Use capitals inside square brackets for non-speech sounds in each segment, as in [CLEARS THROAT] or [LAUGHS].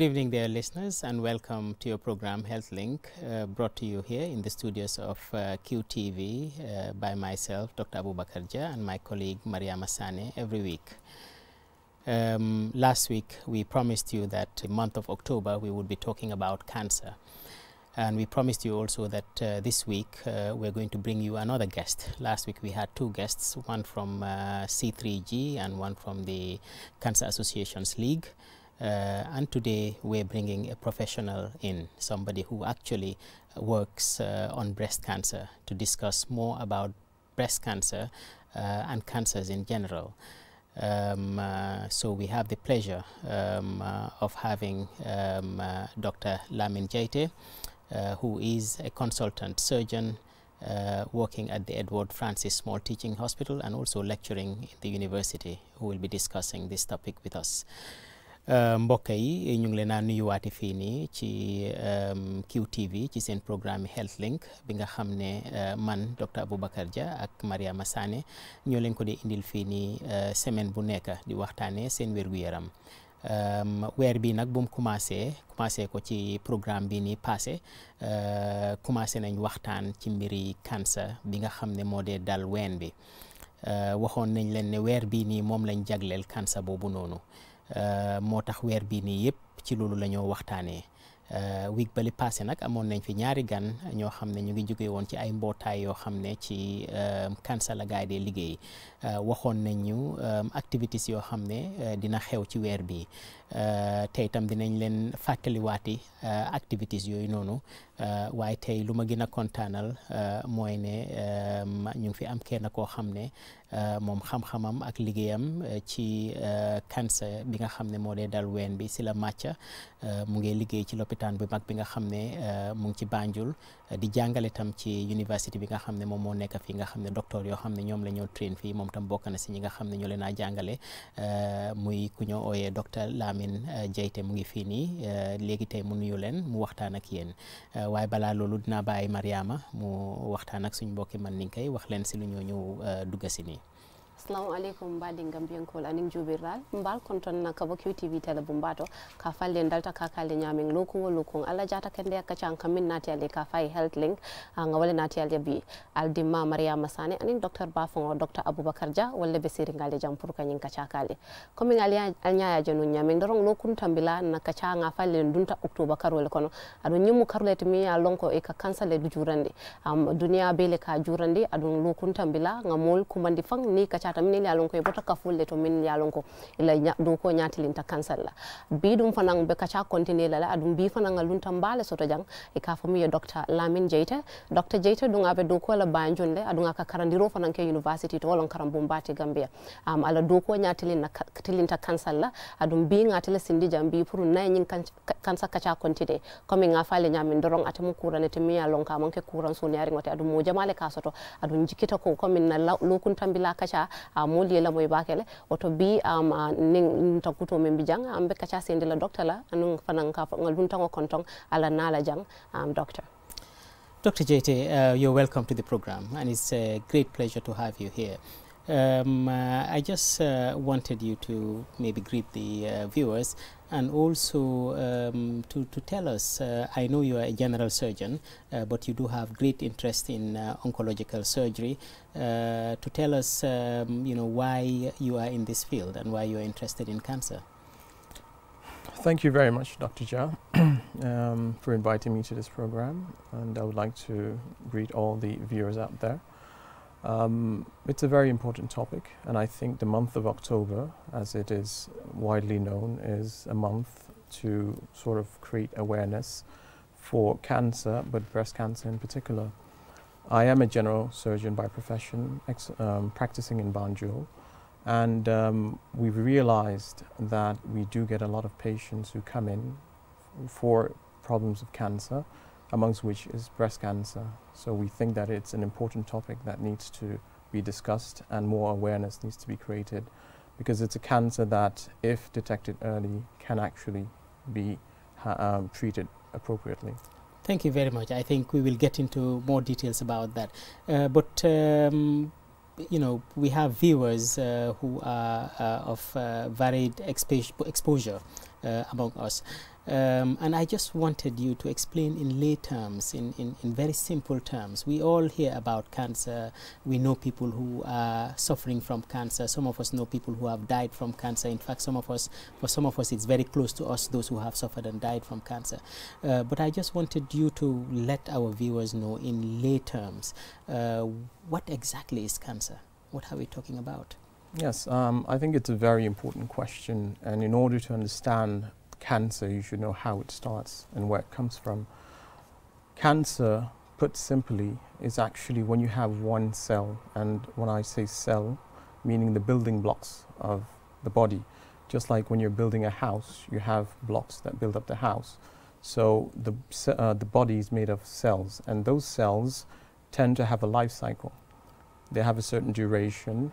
Good evening, dear listeners, and welcome to your program Health Link, uh, brought to you here in the studios of uh, QTV uh, by myself, Dr. Abu Bakarja, and my colleague Maria Masane every week. Um, last week, we promised you that the month of October we would be talking about cancer. And we promised you also that uh, this week uh, we're going to bring you another guest. Last week we had two guests, one from uh, C3G and one from the Cancer Associations League. Uh, and today we're bringing a professional in, somebody who actually works uh, on breast cancer to discuss more about breast cancer uh, and cancers in general. Um, uh, so we have the pleasure um, uh, of having um, uh, Dr. Lamin Jaite, uh, who is a consultant surgeon uh, working at the Edward Francis Small Teaching Hospital and also lecturing at the university, who will be discussing this topic with us. Euh, mbokk yi ñu ngi leen a nuyuwaate fii nii ci euh, QTV ci seen programme Health Link bi nga xam ne euh, man docteur Aboubacar ja ak Mariama Sané ñoo leen ko di indil fii nii semaine bu nekk di waxtaanee seen wér-gu-yaram. weer bi nag bu mu commencé commencé ko ci programme bi ni passé commencé nañ waxtaan ci mbiri cancer bi nga xam ne moo dee dal ween bi waxoon nañ leen ne weer bii nii moom lañ jagleel cancer boobu noonu Euh, moo tax weer bii nii yëpp ci loolu la ñoo waxtaanee euh, week bali passé nag amoon nañ fi ñaari gan ñoo xam ne ñu ngi jóge woon ci ay mbootaay yoo xam ne ci euh, kansa la gaay dee liggéey waxoon nañ ñu activités yoo xam ne dina xew ci weer bi tey itam dinañ leen fàttaliwaati activités yooyu noonu waaye tey lu ma gën a kontaanal mooy ne ñu fi am kenn koo xam ne Euh, moom xam-xamam ak liggéeyam euh, ci euh, cancer bi nga xam ne moo de dal ween bi si la màcca mu ngi liggéey ci loppitaan bu mag bi nga xam ne mu ngi ci Banjul di jàngale tam ci université bi nga xam ne moom moo nekk fii nga xam ne docteur yoo xam ne ñoom la ñoo train fii moom tam bokk na si ñi nga xam ne ñoo leen a jàngale euh, muy ku ñoo ooyee docteur Lamine Jeyte euh, mu ngi fii nii euh, léegi tey mu nuyu leen mu waxtaan ak yéen waaye balaa loolu dinaa bàyyi Mariama mu waxtaan ak suñu mbokki man ni kay wax leen si lu ñoo ñëw dugga si nii assalamu aleykum mbaɗi gambiyankol anin juɓirɗal mbal kon toon kaba qtv télé bo mbato ka falle dalta kakalde ñamen lokuwo lokon allah jata kende yakka can kammin naati ka fayi health link nga wala naati alde bi aldimma mariama sane anin docteur bafongo docteur aboubacar dia walla ɓe séringalde jam pour kañin kacakale commin alñayaje no ñamen doron lokun tambila na kaca nga falle dunta octobre karole kono aɗo ñimmu karole mi ya lonko e ka kansale du jurande um, duniya bele ka jurande aɗum lokun tambila nga mol kumandi fang ni kaca tata min ya lonko e botaka fulle to min ya lonko ila dun ko nyatilinta kansal la bi dum fanan be kacha continue la la dum bi fanan lunta mbale soto jang e ka famu ye docteur Lamin Jeita docteur Jeita dun abe dun ko la banjon le adun aka karandiro fanan ke university to wolon karam bombati Gambia am ala dun ko nyatilin na tilinta kansal la adum bi ngatele sindi jam pour nay nyin kansa kacha continue comme nga fale nyamin dorong atamu kurane temiya lonka manke kuran so ngote adum mo jamale ka adun jikita ko comme na lokun tambila kacha Ah, a moli um, ah, ah, la moy bakele le bi am uh, nin takuto me bi jang am be ka sendi la docteur la anun fanan ka ngal luntango kontong ala nala jang am docteur Dr. JT, uh, you're welcome to the program, and it's a great pleasure to have you here. Um, uh, I just uh, wanted you to maybe greet the uh, viewers and also um, to, to tell us, uh, I know you are a general surgeon, uh, but you do have great interest in uh, oncological surgery, uh, to tell us um, you know, why you are in this field and why you are interested in cancer. Thank you very much, Dr. Jha, [CLEARS THROAT] um, for inviting me to this program, and I would like to greet all the viewers out there. Um, it's a very important topic, and I think the month of October, as it is widely known, is a month to sort of create awareness for cancer, but breast cancer in particular. I am a general surgeon by profession, um, practicing in Banjul, and um, we've realized that we do get a lot of patients who come in for problems of cancer amongst which is breast cancer. So we think that it's an important topic that needs to be discussed and more awareness needs to be created because it's a cancer that, if detected early, can actually be um, treated appropriately. Thank you very much. I think we will get into more details about that. Uh, but um, you know, we have viewers uh, who are uh, of uh, varied expo exposure uh, among us. Um, and I just wanted you to explain in lay terms, in, in, in, very simple terms. We all hear about cancer. We know people who are suffering from cancer. Some of us know people who have died from cancer. In fact, some of us, for some of us, it's very close to us, those who have suffered and died from cancer. Uh, but I just wanted you to let our viewers know in lay terms uh, what exactly is cancer? What are we talking about? Yes, um, I think it's a very important question. And in order to understand cancer, you should know how it starts and where it comes from. Cancer, put simply, is actually when you have one cell. And when I say cell, meaning the building blocks of the body. Just like when you're building a house, you have blocks that build up the house. So the, uh, the body is made of cells, and those cells tend to have a life cycle. They have a certain duration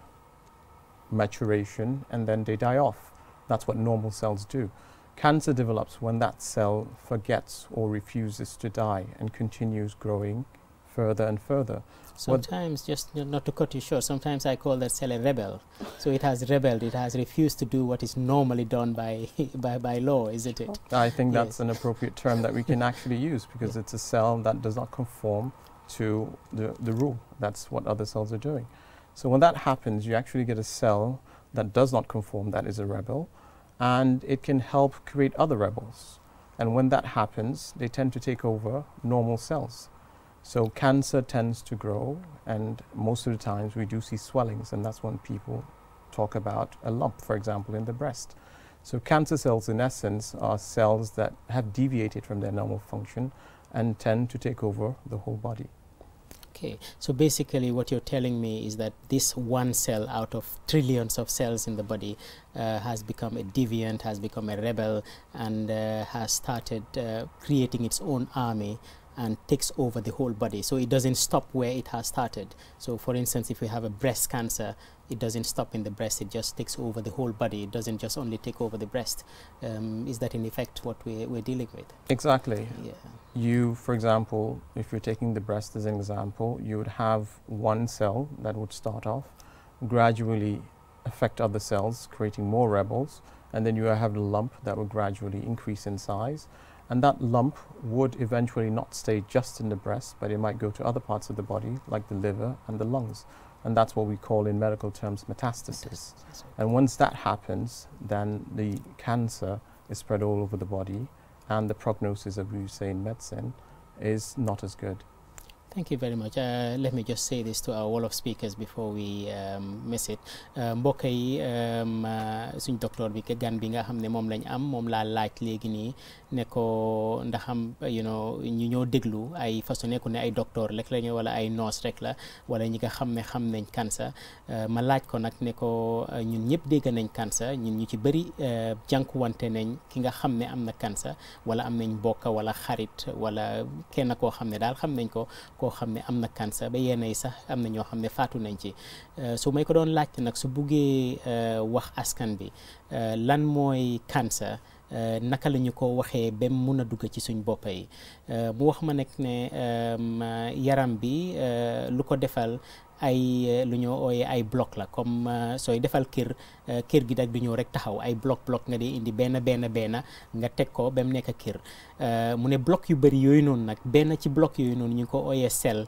maturation, and then they die off. That's what normal cells do. Cancer develops when that cell forgets or refuses to die and continues growing further and further. Sometimes, what just not to cut you short, sometimes I call that cell a rebel. so it has rebelled, it has refused to do what is normally done by, [LAUGHS] by, by law, isn't it? I think yes. that's an appropriate term that we can actually use because yeah. it's a cell that does not conform to the, the rule. That's what other cells are doing. So when that happens, you actually get a cell that does not conform, that is a rebel, and it can help create other rebels. And when that happens, they tend to take over normal cells. So cancer tends to grow, and most of the times we do see swellings, and that's when people talk about a lump, for example, in the breast. So cancer cells, in essence, are cells that have deviated from their normal function and tend to take over the whole body. Okay, so basically, what you're telling me is that this one cell out of trillions of cells in the body uh, has become a deviant, has become a rebel, and uh, has started uh, creating its own army and takes over the whole body. So it doesn't stop where it has started. So, for instance, if you have a breast cancer, it doesn't stop in the breast it just takes over the whole body it doesn't just only take over the breast um, is that in effect what we're, we're dealing with exactly yeah. you for example if you're taking the breast as an example you would have one cell that would start off gradually affect other cells creating more rebels and then you have a lump that will gradually increase in size and that lump would eventually not stay just in the breast, but it might go to other parts of the body, like the liver and the lungs and that's what we call in medical terms metastasis. metastasis. And once that happens, then the cancer is spread all over the body, and the prognosis of in medicine is not as good. thank you very much uh, let me just say this um, uh, mbokk yi um, uh, suñ docteur bi gan bi nga xam ne moom lañ am moom laa laaj léegi nii ne ko ndax am you know ñu ñoo déglu ay façon nekku ne ay docteur rek lañu ñu wala ay nurse rek la wala ñi nga xam ne xam nañ cancer uh, ma laaj ko nag ne ko ñun ñëpp dégg nañ cancer ñun ñu ci bëri jànkuwante nañ ki nga xam ne am na cancer wala am nañ mbokk wala xarit wala kenn koo xam ne daal xam nañ ko. koo xam ne am na cancer ba yenn yi sax am na ñoo xam ne faatu nañ ci euh, su may ko doon laajte nag su buggee euh, wax askan bi euh, lan mooy cancer. Euh, naka la ñu ko waxee ba mun a dugg ci suñ bopp yi euh, mu wax ma nekk ne euh, yaram bi lu ko defal ay lu ñoo ooyee ay bloc la comme sooy defal kër kër gi nag du ñëw rek taxaw ay bloc bloc nga di indi benn benn benn nga teg ko ba mu nekk kër mu ne bloc yu bëri yooyu noonu nag benn ci bloc yooyu noonu ñu ko ooyee sel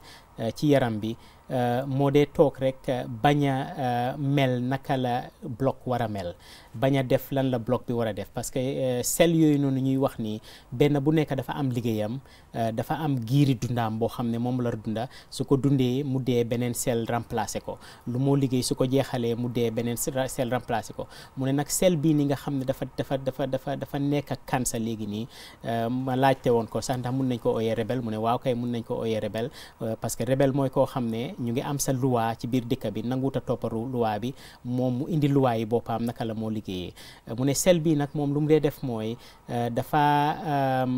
ci yaram bi Eh, moo dee toog rek eh, bañ a eh, mel naka la bloc war a mel bañ a def lan la bloc bi war a def parce que sel yooyu noonu ñuy wax nii benn bu nekk dafa am liggéeyam dafa am giiri dundaam boo xam ne moom la dunda su ko dundee mu dee beneen sel remplacé ko lu moo liggéey su ko jeexalee mu dee beneen sel remplacé ko mu ne nag sel bii ni nga xam ne dafa dafa dafa dafa dafa nekk ak cancer léegi nii ma laajte woon ko sax ndax mun nañ koo ooyee rebelle mu ne waaw kay mun nañ ko ooyee rebelle parce que rebelle mooy ñu ngi am sa luwaa ci biir dikk bi nanguut a topparu luwaa bi moom mu indi luwaa yi boppam naka la moo liggéeyee mu ne sel bi nag moom lu mu dee def mooy euh, dafa euh,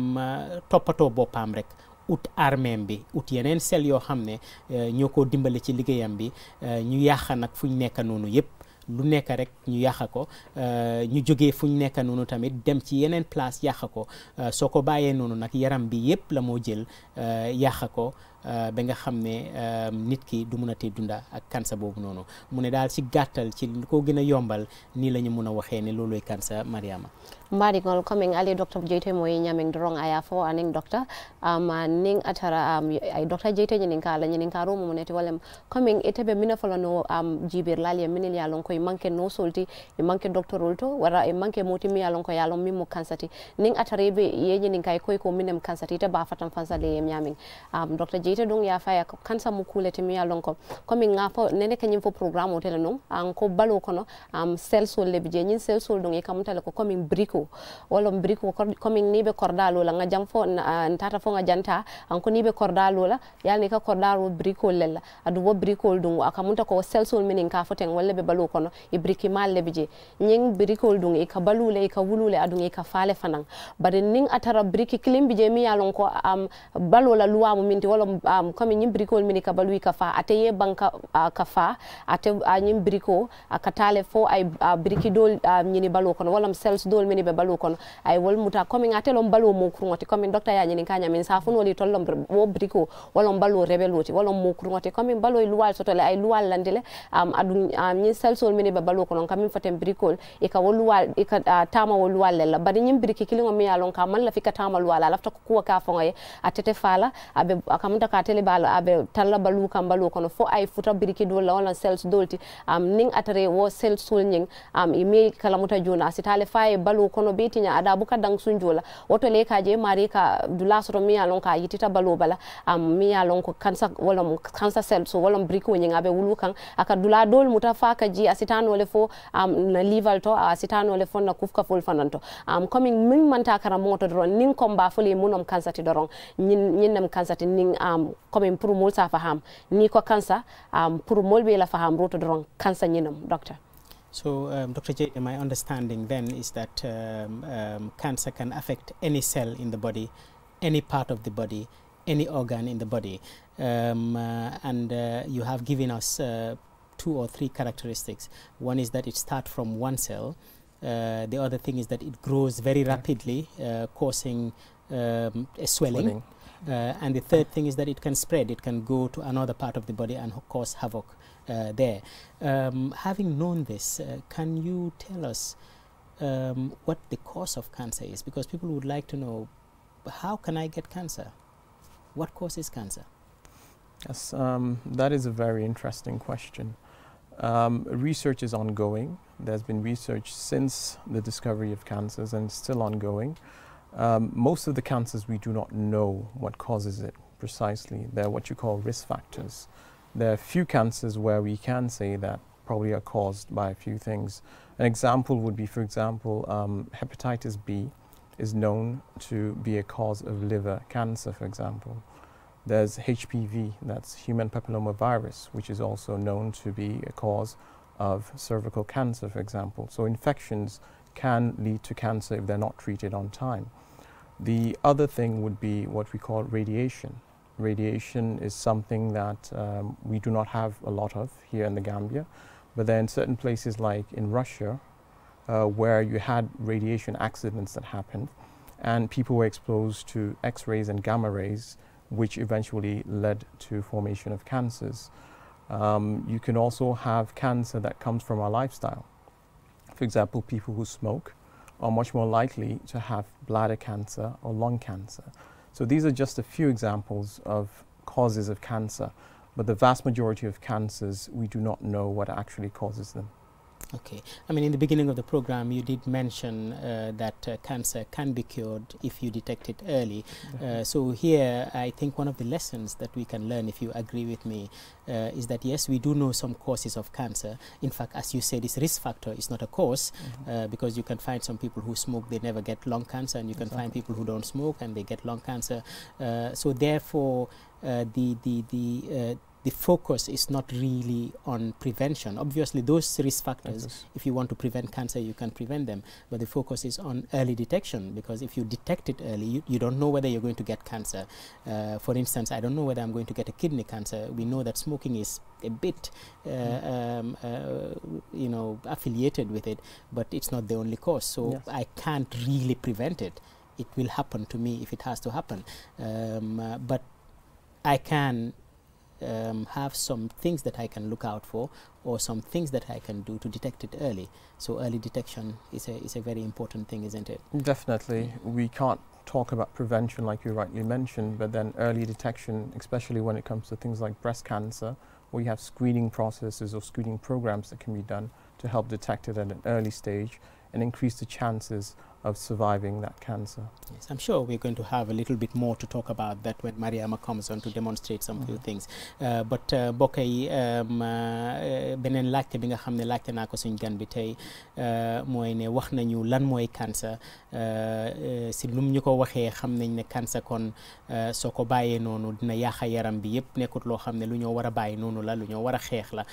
toppatoo boppam rek ut armeem bi ut yeneen sel yoo xam ne euh, ñoo ko dimbali ci liggéeyam bi ñu yàqa nag fu ñu nekk noonu yépp lu nekk rek ñu yàq ko ñu jógee fu ñu nekk noonu tamit dem ci yeneen place yàq ko soo ko bàyyee noonu nag yaram bi yépp la moo jël yàq ko Euh, ba nga xam ne euh, nit ki du mun a tee dunda ak kansa boobu noonu mu ne daal ci gàttal ci lu ko gën a yombal nii la ñu mun a waxee ne looluy kansa Mariama mbaɗigol coming ali docteur jeyte mo ñaming dorong aya fo aning docteur um, uh, ning atara um, ay docteur jeyte ñinin kala ñinin ka rumu mo neti walem coming itebe mina folano um, jibir lali e minil yalon koye manque no solti e manque docteur ol to wara e manque moti mi yalon ko yalon mimmo kansati ning atara be yeñinin kay koy ko minem kansati te ba fatam fansale e ñaming um, docteur dita dong ya faya kansa mukule temiya lonko komi nga fo nene kanyim fo programme hotel no an ko balo kono am sel sol le bije nyin sel sol dong e kamutale ko komi briko wala briko komi nibe kordalo la nga jam fo uh, ah, ntata fo nga janta an ko nibe kordalo la yalni ka kordalo briko lella adu wo briko dong akamunta ko sel sol minin ka foten wala be balo kono e briki mal le bije nyin briko dong e ka balule e ka wulule adu e ka fale fanan bare ning atara briki klimbi je mi yalon ko am balo la luwa mu minti wala um, ah, kwame ñim bricol mini ka baluy ka ate ye banka uh, kafa ate uh, ah, ñim brico uh, katale fo ay uh, briki dol uh, nyini balu kono wala cells dol mini be balu kono ay wol muta kwame ngate lom balu mo kurngoti kwame docteur ya nyini kanya min sa funo tol lom wo brico wala balu rebeloti wala mo kurngoti comme balo luwal sotole ay luwal landele um, adu um, ñin cells dol mini be balu kono kwame fatem bricol e ka wol luwal e ka uh, tama wol luwal la bari ñim briki kilingo mi yalon ka man la fika tama luwal la lafta ko kuwa ka fonga ye atete fala abe akamunta ka tele balo abe talla balu kam balu kono fo ay futa biriki do la wala sales dolti am ning atare wo sales sul ning am um, ime kala muta juna sitale faye balu kono beti nya ada buka dang sunjola woto le ka je mari ka du la soro mi alon ka yitita balu bala am mi alon ko kansa wala kansa sales wala biriki nying abe wulu kan aka du la dol muta fa ka ji asitan wala fo am na level to asitan wala fo na kufka ful fananto am coming min manta kara moto dron ning komba fo le munom kansa ti doron nyin nyinam nam kansa ti ning am um, comme pour faham ni um, pour la faham roto So, um, Dr. J, my understanding then is that um, um, cancer can affect any cell in the body, any part of the body, any organ in the body. Um, uh, and uh, you have given us uh, two or three characteristics. One is that it starts from one cell. Uh, the other thing is that it grows very rapidly, uh, causing um, a swelling. swelling. Uh, and the third thing is that it can spread, it can go to another part of the body and cause havoc uh, there. Um, having known this, uh, can you tell us um, what the cause of cancer is? Because people would like to know how can I get cancer? What causes cancer? Yes, um, that is a very interesting question. Um, research is ongoing. There's been research since the discovery of cancers and still ongoing. Um, most of the cancers, we do not know what causes it precisely. They're what you call risk factors. There are few cancers where we can say that probably are caused by a few things. An example would be, for example, um, hepatitis B is known to be a cause of liver cancer, for example. There's HPV, that's human papillomavirus, which is also known to be a cause of cervical cancer, for example. So infections can lead to cancer if they're not treated on time. The other thing would be what we call radiation. Radiation is something that um, we do not have a lot of here in the Gambia, but then certain places like in Russia, uh, where you had radiation accidents that happened, and people were exposed to X-rays and gamma rays, which eventually led to formation of cancers. Um, you can also have cancer that comes from our lifestyle. For example, people who smoke are much more likely to have bladder cancer or lung cancer. So these are just a few examples of causes of cancer, but the vast majority of cancers, we do not know what actually causes them. Okay, I mean in the beginning of the program you did mention uh, that uh, cancer can be cured if you detect it early. Uh, so here I think one of the lessons that we can learn if you agree with me uh, is that yes we do know some causes of cancer. In fact as you said this risk factor is not a because mm-hmm. uh, because you can find some people who smoke they never get lung cancer and you can exactly. find people who don't smoke and they get lung cancer. Uh, so therefore the, the, the the focus is not really on prevention. Obviously, those risk factors, yes. if you want to prevent cancer, you can prevent them. But the focus is on early detection because if you detect it early, you, you don't know whether you're going to get cancer. Uh, for instance, I don't know whether I'm going to get a kidney cancer. We know that smoking is a bit, uh, mm. um, uh, you know, affiliated with it, but it's not the only cause. So yes. I can't really prevent it. It will happen to me if it has to happen. Um, uh, but I can um, have some things that I can look out for or some things that I can do to detect it early. So early detection is a, is a very important thing, isn't it? Definitely. We can't talk about prevention like you rightly mentioned, but then early detection, especially when it comes to things like breast cancer, where you have screening processes or screening programs that can be done to help detect it at an early stage and increase the chances of surviving that cancer. Yes, I'm sure we're going to have a little bit more to talk about that when Mariama mm-hmm. uh, uh, yi um, uh, beneen laajte bi nga xam ne laajte naa ko suñ gan bi tey mooy ne wax nañu lan mooy cancer si lum ñu ko waxee xam nañ ne cancer kon soo ko bàyyee noonu dina yaaxa yaram bi yëpp nekkut loo xam ne lu ñoo war a bàyyi noonu la lu ñoo war a xeex la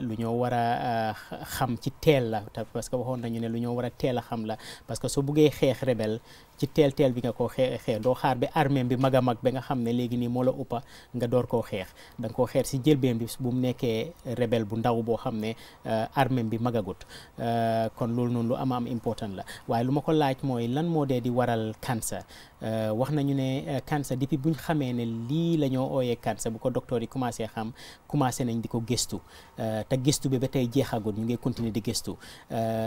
lu ñoo war a xam ci teel la parce que waxoon nañu ne lu ñoo war a teel a xam la parce que soo buggee xeex rebelle ci teel teel bi nga ko xee xeex doo xaar bi armée bi mag a mag ba nga xam ne léegi nii moo la uppa nga door koo xeex danga koo xeer si jëlbeen bi bu mu nekkee rebelle bu ndaw boo xam ne euh, armée bi magagut euh, kon loolu noonu lu ama am important la waaye lu ma ko laaj mooy lan moo dee di waral cancer euh, wax nañu ne cancer depuis buñ xamee ne lii la ñoo ooyee cancer bu ko docteur yi commencé xam commencé nañ di ko gëstu te gëstu bi ba tey jeexagul ñu ngi continuer di gëstu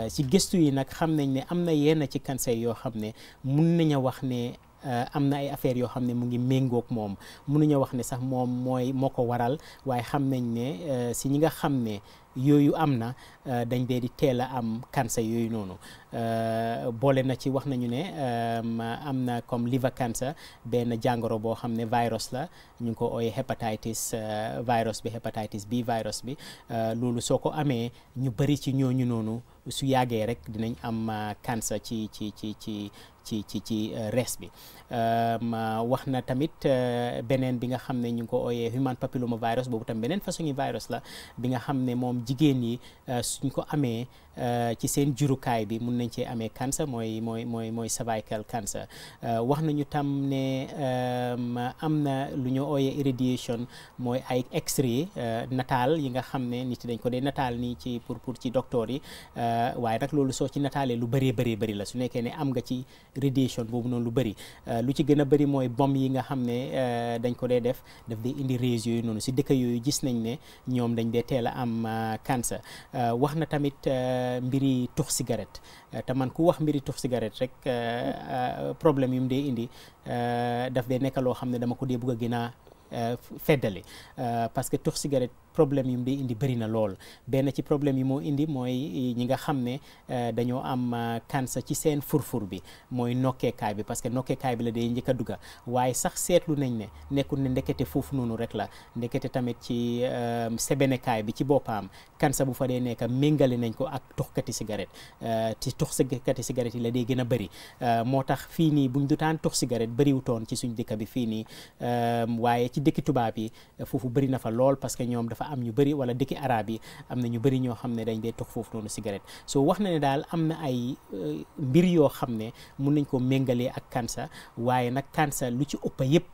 si gëstu yi nag xam nañ ne am na yenn ci cancer yoo xam ne mun nañu wax ne euh, am na ay affaires yoo xam ne mu ngi méngoog moom mënuñu wax ne sax moom mooy moo ko waral waaye xam nañ ne euh, si ñi nga xam ne yooyu am na euh, dañ dee di teel a am cancer yooyu noonu boole na ci wax nañu ne am na comme liver cancer benn jàngoro boo xam ne virus la ñu ngi ko ooyee hepatitis virus bi hepatitis B virus bi loolu soo ko amee ñu bëri ci ñooñu su yàggee rek dinañ am cancer ci ci ci ci ci ci euh, res bi euh, wax na tamit euh, beneen bi nga xam ne ñu ngi ko ooyee human papilloma virus boobu tam beneen façon yi virus la bi nga xam ne moom jigéen yi suñ ko amee ci seen jurukaay bi mun nañ cee amee cancer mooy mooy mooy mooy cervical cancer wax nañu tam ne am na lu ñu ooyee irradiation mooy ay x-ray nataal yi nga xam ne nit dañ ko dee nataal nii ci pour pour ci docteur yi waaye nag loolu soo ci nataalee lu bëree bëree bëri la su nekkee ne am nga ci radiation boobu noonu lu bëri euh, lu ci gën a bëri mooy bomb yi nga xam ne euh, dañ ko dee def daf dee indi réseau yooyu noonu si dëkk yooyu gis nañ ne ñoom dañ dee teel a am euh, cancer wax na tamit mbiri tux cigarette te man ku wax mbiri tux cigarette rek problème yu mu dee indi daf dee nekk loo xam ne dama ko dee bëgg a gën a feddali parce que tux cigarette problème yum di indi bëri na lool benn ci problème yi moo indi mooy ñi nga xam ne euh, dañoo am euh, cancer ci seen furfur bi mooy nokkeekaay bi parce que nokkeekaay bi la day njëkk a dugga waaye sax seetlu nañ ne nekkul ne ndekete foofu noonu rek la ndekete tamit ci euh, sebenekaay bi ci boppam cancer bu fa dee nekk méngale nañ ko ak toxkati cigarette ci toxkati cigarette yi la day gën a bëri moo tax fii nii buñ dutaan tox cigarette bëriwutoon ci suñ dëkk bi fii nii waaye ci dëkki tubaab yi foofu dafa am ñu bëri wala dëkki araab yi am na ñu bari ñoo xam ne dañ dee tox foofu noonu cigarette so wax na ne daal am na ay euh, mbir yoo xam ne mun nañ koo méngalee ak cancer waaye nag cancer lu ci ëpp yëpp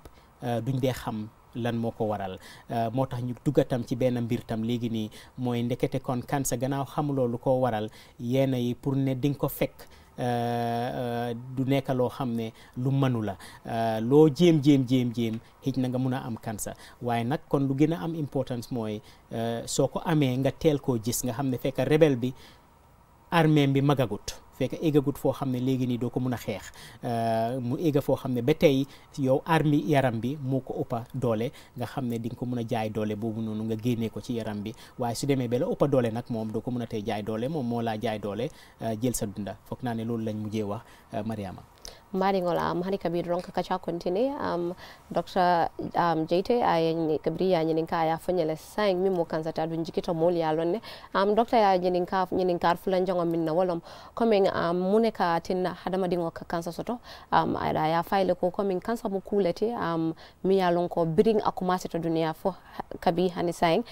euh, duñ dee xam lan moo ko waral euh, moo tax ñu duggatam ci benn mbir tam léegi nii mooy ndekete kon cancer gannaaw xamuloo lu ko waral yenn yi pour ne di ko fekk Euh, euh, du nekk loo xam ne lu mënu la euh, loo jéem jéem jéem jéem xëj na nga mun a am cancer waaye nag kon lu gën a am importance mooy soo ko amee nga teel koo jis nga xam ne fekk rebel bi armeem bi magagut fekk éggagut foo xam ne léegi nii doo ko mun a xeex euh, mu égga foo xam ne ba tey yow armi yaram bi moo ko uppa doole nga xam ne di nga ko mun a jaay doole boobu noonu nga génne ko ci yaram bi waaye su demee ba la ëppa doole nag moom doo ko mun a tey jaay doole moom moo laa jaay doole euh, jël sa dunda foog naa ne loolu lañ mujjee wax euh, Mariama maringol am hari kabir ka kacha kontine am um, dr am um, jete ay kabri ya nyenin ka ya fanyele sang mi mo kan zata dun jikito mol ya lonne am um, dr ya nyenin ka nyenin kar fulan jango min na wolom coming am mune ka tin hadama dingo ka kansa soto am ada ya file ko coming kansa mo kulete am mi ya lon ko bring akumase to dunia fo kabi hani sang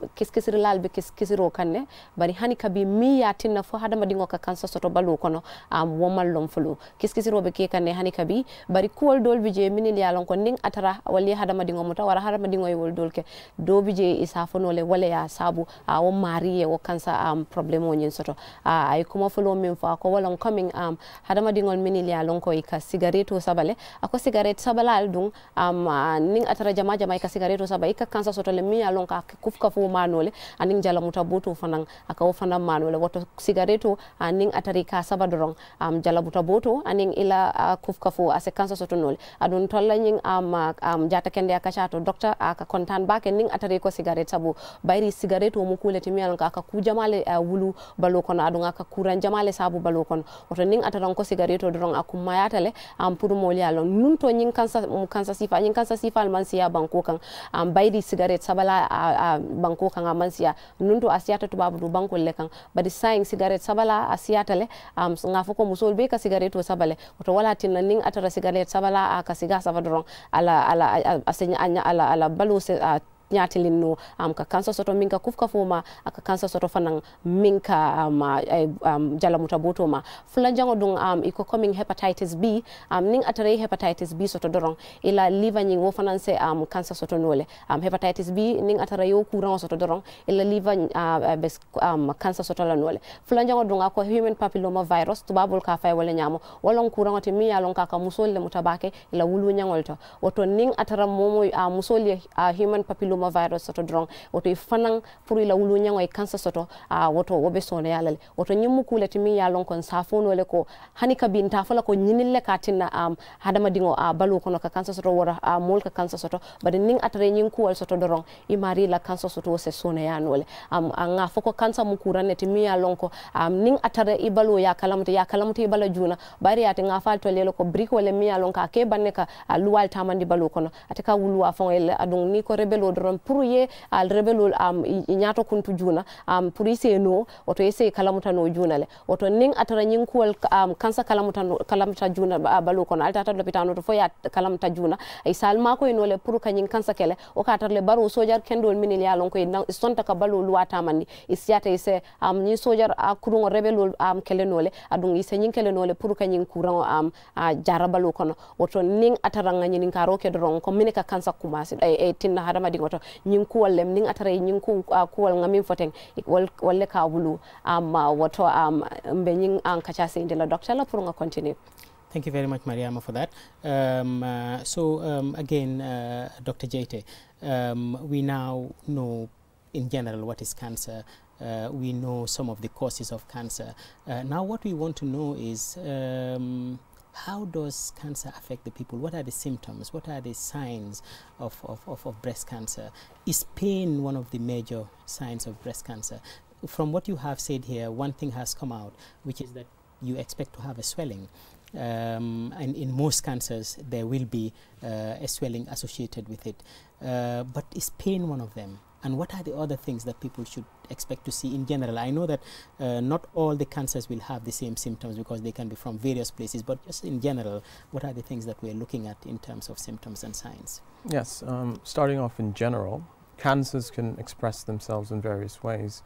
be kis lalbe kiskisiro kanne bari hani kabi mi ya tin na fo hadama dingo ka kansa soto balu kono am womal lom fulu kis kiskisiro be keka ne hani kabi bari kuwol dol bije minil ya lon ko ning atara wali hadama dingo muta wara hadama ngoy wol dol ke do bije isafonole wala ya sabu a o mari e o kansa am problem o nyin soto a ay e kuma folo min fa ko wala coming am hadama ngol minil ya lon ko e ka sigareto sabale ako sigareto sabala al dun am ning atara jama jama e ka sigareto sabai ka kansa soto le mi ya lon ka kufka fo manole anin jala muta boto fanan aka o fanan manole woto sigareto anin atari ka sabadorong am jala buta boto anin ila a kuf kafu a se kansa soto nol adun tolla nyin am am jata kende akacha to doctor aka kontan ba bake ning atare ko cigarette sabu bayri cigarette o mu kuleti mi alka ka ku jamale uh, wulu balo kono adun aka kuran jamale sabu balo kono oto ning ataran ko cigarette o doron akuma yatale am pour mo lialo nun to nyin kansa um, kansa sifa nyin kansa sifa man siya banko kan am bayri cigarette sabala a banko kan am man siya nun to asiyata to babu banko le kan bari saying cigarette sabala asiyata le am nga ngafo musol be ka cigarette o sabale oto wala tinna ning atara sigaret sabala a kasiga saba dorong ala ala asenya anya ala ala balu se a ñatilin no um, ka kansa soto minka kufka fuma aka kansa soto fanang minka um, uh, eh, um, jalamuta boto ma flanjango dung dun um, iko coming hepatitis B um, ning atare hepatitis B soto dorong ila liver nying wo fanan se um, kansa soto nole um, hepatitis B ning atare yo kurango soto dorong ila liver uh, uh bes um, kansa soto la nole flanjango dung ako human papilloma virus tubabul ka fay wala nyamo walon kurang ati mi yalon ka ka musol le mutabake ila wulu nyangol to woto ning atara momo uh, musol uh, human papilloma coronavirus soto drong woto fanan pour la wulu nyango e kansa soto a uh, woto wobe sone yalale woto nyimu kule timi ya lon kon safono le ko hani ka bin tafala ko nyinille ka tinna am um, hadama dingo a uh, balu kono ka kansa soto wora a uh, mol ka kansa soto bade ning atare nyin kuwal soto drong imari la kansa soto wose sone yanole am um, anga foko kansa mu ne timi ya lon ko am um, ning atare ibalo ya kalamta ya kalamta ibala juna bari ya tinga falto to lelo ko briko le miya ya lon ka ke banne ka luwal tamandi balu kono ate ka wulu afon ele adung ni ko rebelo drong koron pour ye al rebelul am nyato ñato kuntu juna am um, pour no oto ise kalamutano juna le oto ning atara ñing kuwal am um, kansa kalamutano kalamta juna balu kono alta tar lopitano to foya kalamta juna ay salma ko eno le ka kanyin kansa kele o ka tar le baro sojar kendol minil lon ko na sonta ka balu luata manni isyata ise am um, ni sojar a uh, kurungo rebelul am kele no le adung ise ñing kele no le nole pour kanyin kurango am um, a uh, jarabalu kono oto ning atara nga ñinin karo ke doron ko minika kansa kumasi ay, eh, ay eh, tinna hadama dingoto nyin ning atare nyin uh, ngamin ka um, uh, woto nyin an kacha la la pour nga continue Thank you very much, Mariama, for that. Um, uh, so, um, again, uh, Dr. Jete, um, we now know in general what is cancer. Uh, we know some of the causes of cancer. Uh, now, what we want to know is um, how does cancer affect the people? What are the symptoms? What are the signs of, of, of, of breast cancer? Is pain one of the major signs of breast cancer? From what you have said here, one thing has come out, which is that you expect to have a swelling. Um, and in most cancers, there will be uh, a swelling associated with it. Uh, but is pain one of them? and what are the other things that people should expect to see in general? I know that uh, not all the cancers will have the same symptoms because they can be from various places, but just in general, what are the things that we're looking at in terms of symptoms and signs? Yes, um, starting off in general, cancers can express themselves in various ways.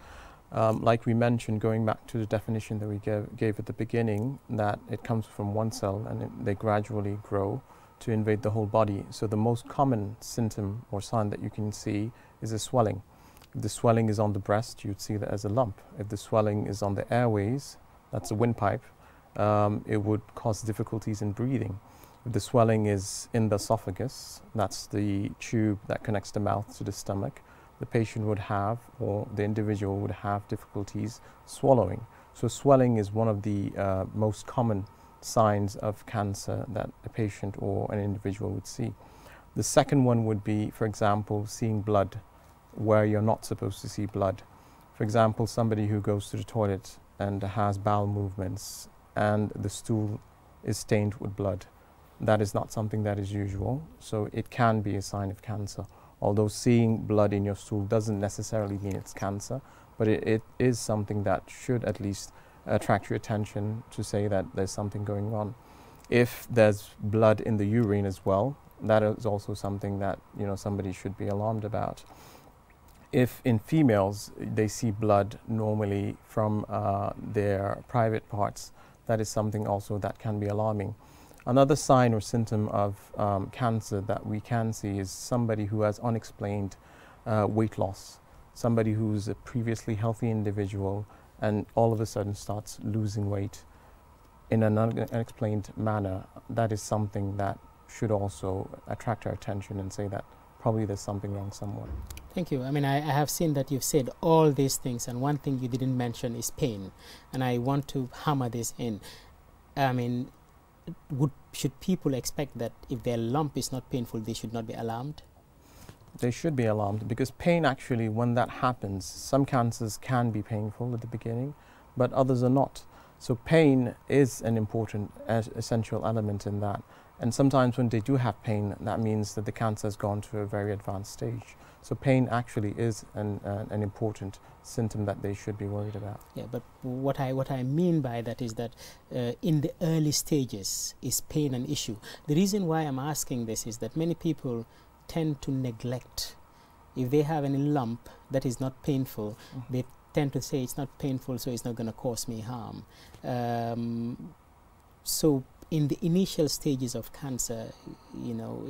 Um, like we mentioned, going back to the definition that we gave, gave at the beginning, that it comes from one cell and it, they gradually grow to invade the whole body. So the most common symptom or sign that you can see is a swelling. If the swelling is on the breast, you'd see that as a lump. If the swelling is on the airways, that's a windpipe, um, it would cause difficulties in breathing. If the swelling is in the esophagus, that's the tube that connects the mouth to the stomach, the patient would have or the individual would have difficulties swallowing. So swelling is one of the uh, most common signs of cancer that a patient or an individual would see. The second one would be, for example, seeing blood where you're not supposed to see blood. For example, somebody who goes to the toilet and has bowel movements and the stool is stained with blood. That is not something that is usual, so it can be a sign of cancer. Although seeing blood in your stool doesn't necessarily mean it's cancer, but it, it is something that should at least attract your attention to say that there's something going on. If there's blood in the urine as well, that is also something that you know somebody should be alarmed about if in females they see blood normally from uh, their private parts, that is something also that can be alarming. Another sign or symptom of um, cancer that we can see is somebody who has unexplained uh, weight loss, somebody who's a previously healthy individual and all of a sudden starts losing weight in an unexplained manner. That is something that should also attract our attention and say that probably there's something wrong somewhere. Thank you. I mean, I, I, have seen that you've said all these things, and one thing you didn't mention is pain. And I want to hammer this in. I mean, would, should people expect that if their lump is not painful, they should not be alarmed? They should be alarmed because pain actually, when that happens, some cancers can be painful at the beginning, but others are not. So, pain is an important, essential element in that. And sometimes when they do have pain, that means that the cancer has gone to a very advanced stage. So pain actually is an, uh, an important symptom that they should be worried about. Yeah, but what I what I mean by that is that uh, in the early stages is pain an issue. The reason why I'm asking this is that many people tend to neglect if they have any lump that is not painful. Mm -hmm. They tend to say it's not painful, so it's not going to cause me harm. Um, so in the initial stages of cancer, you know,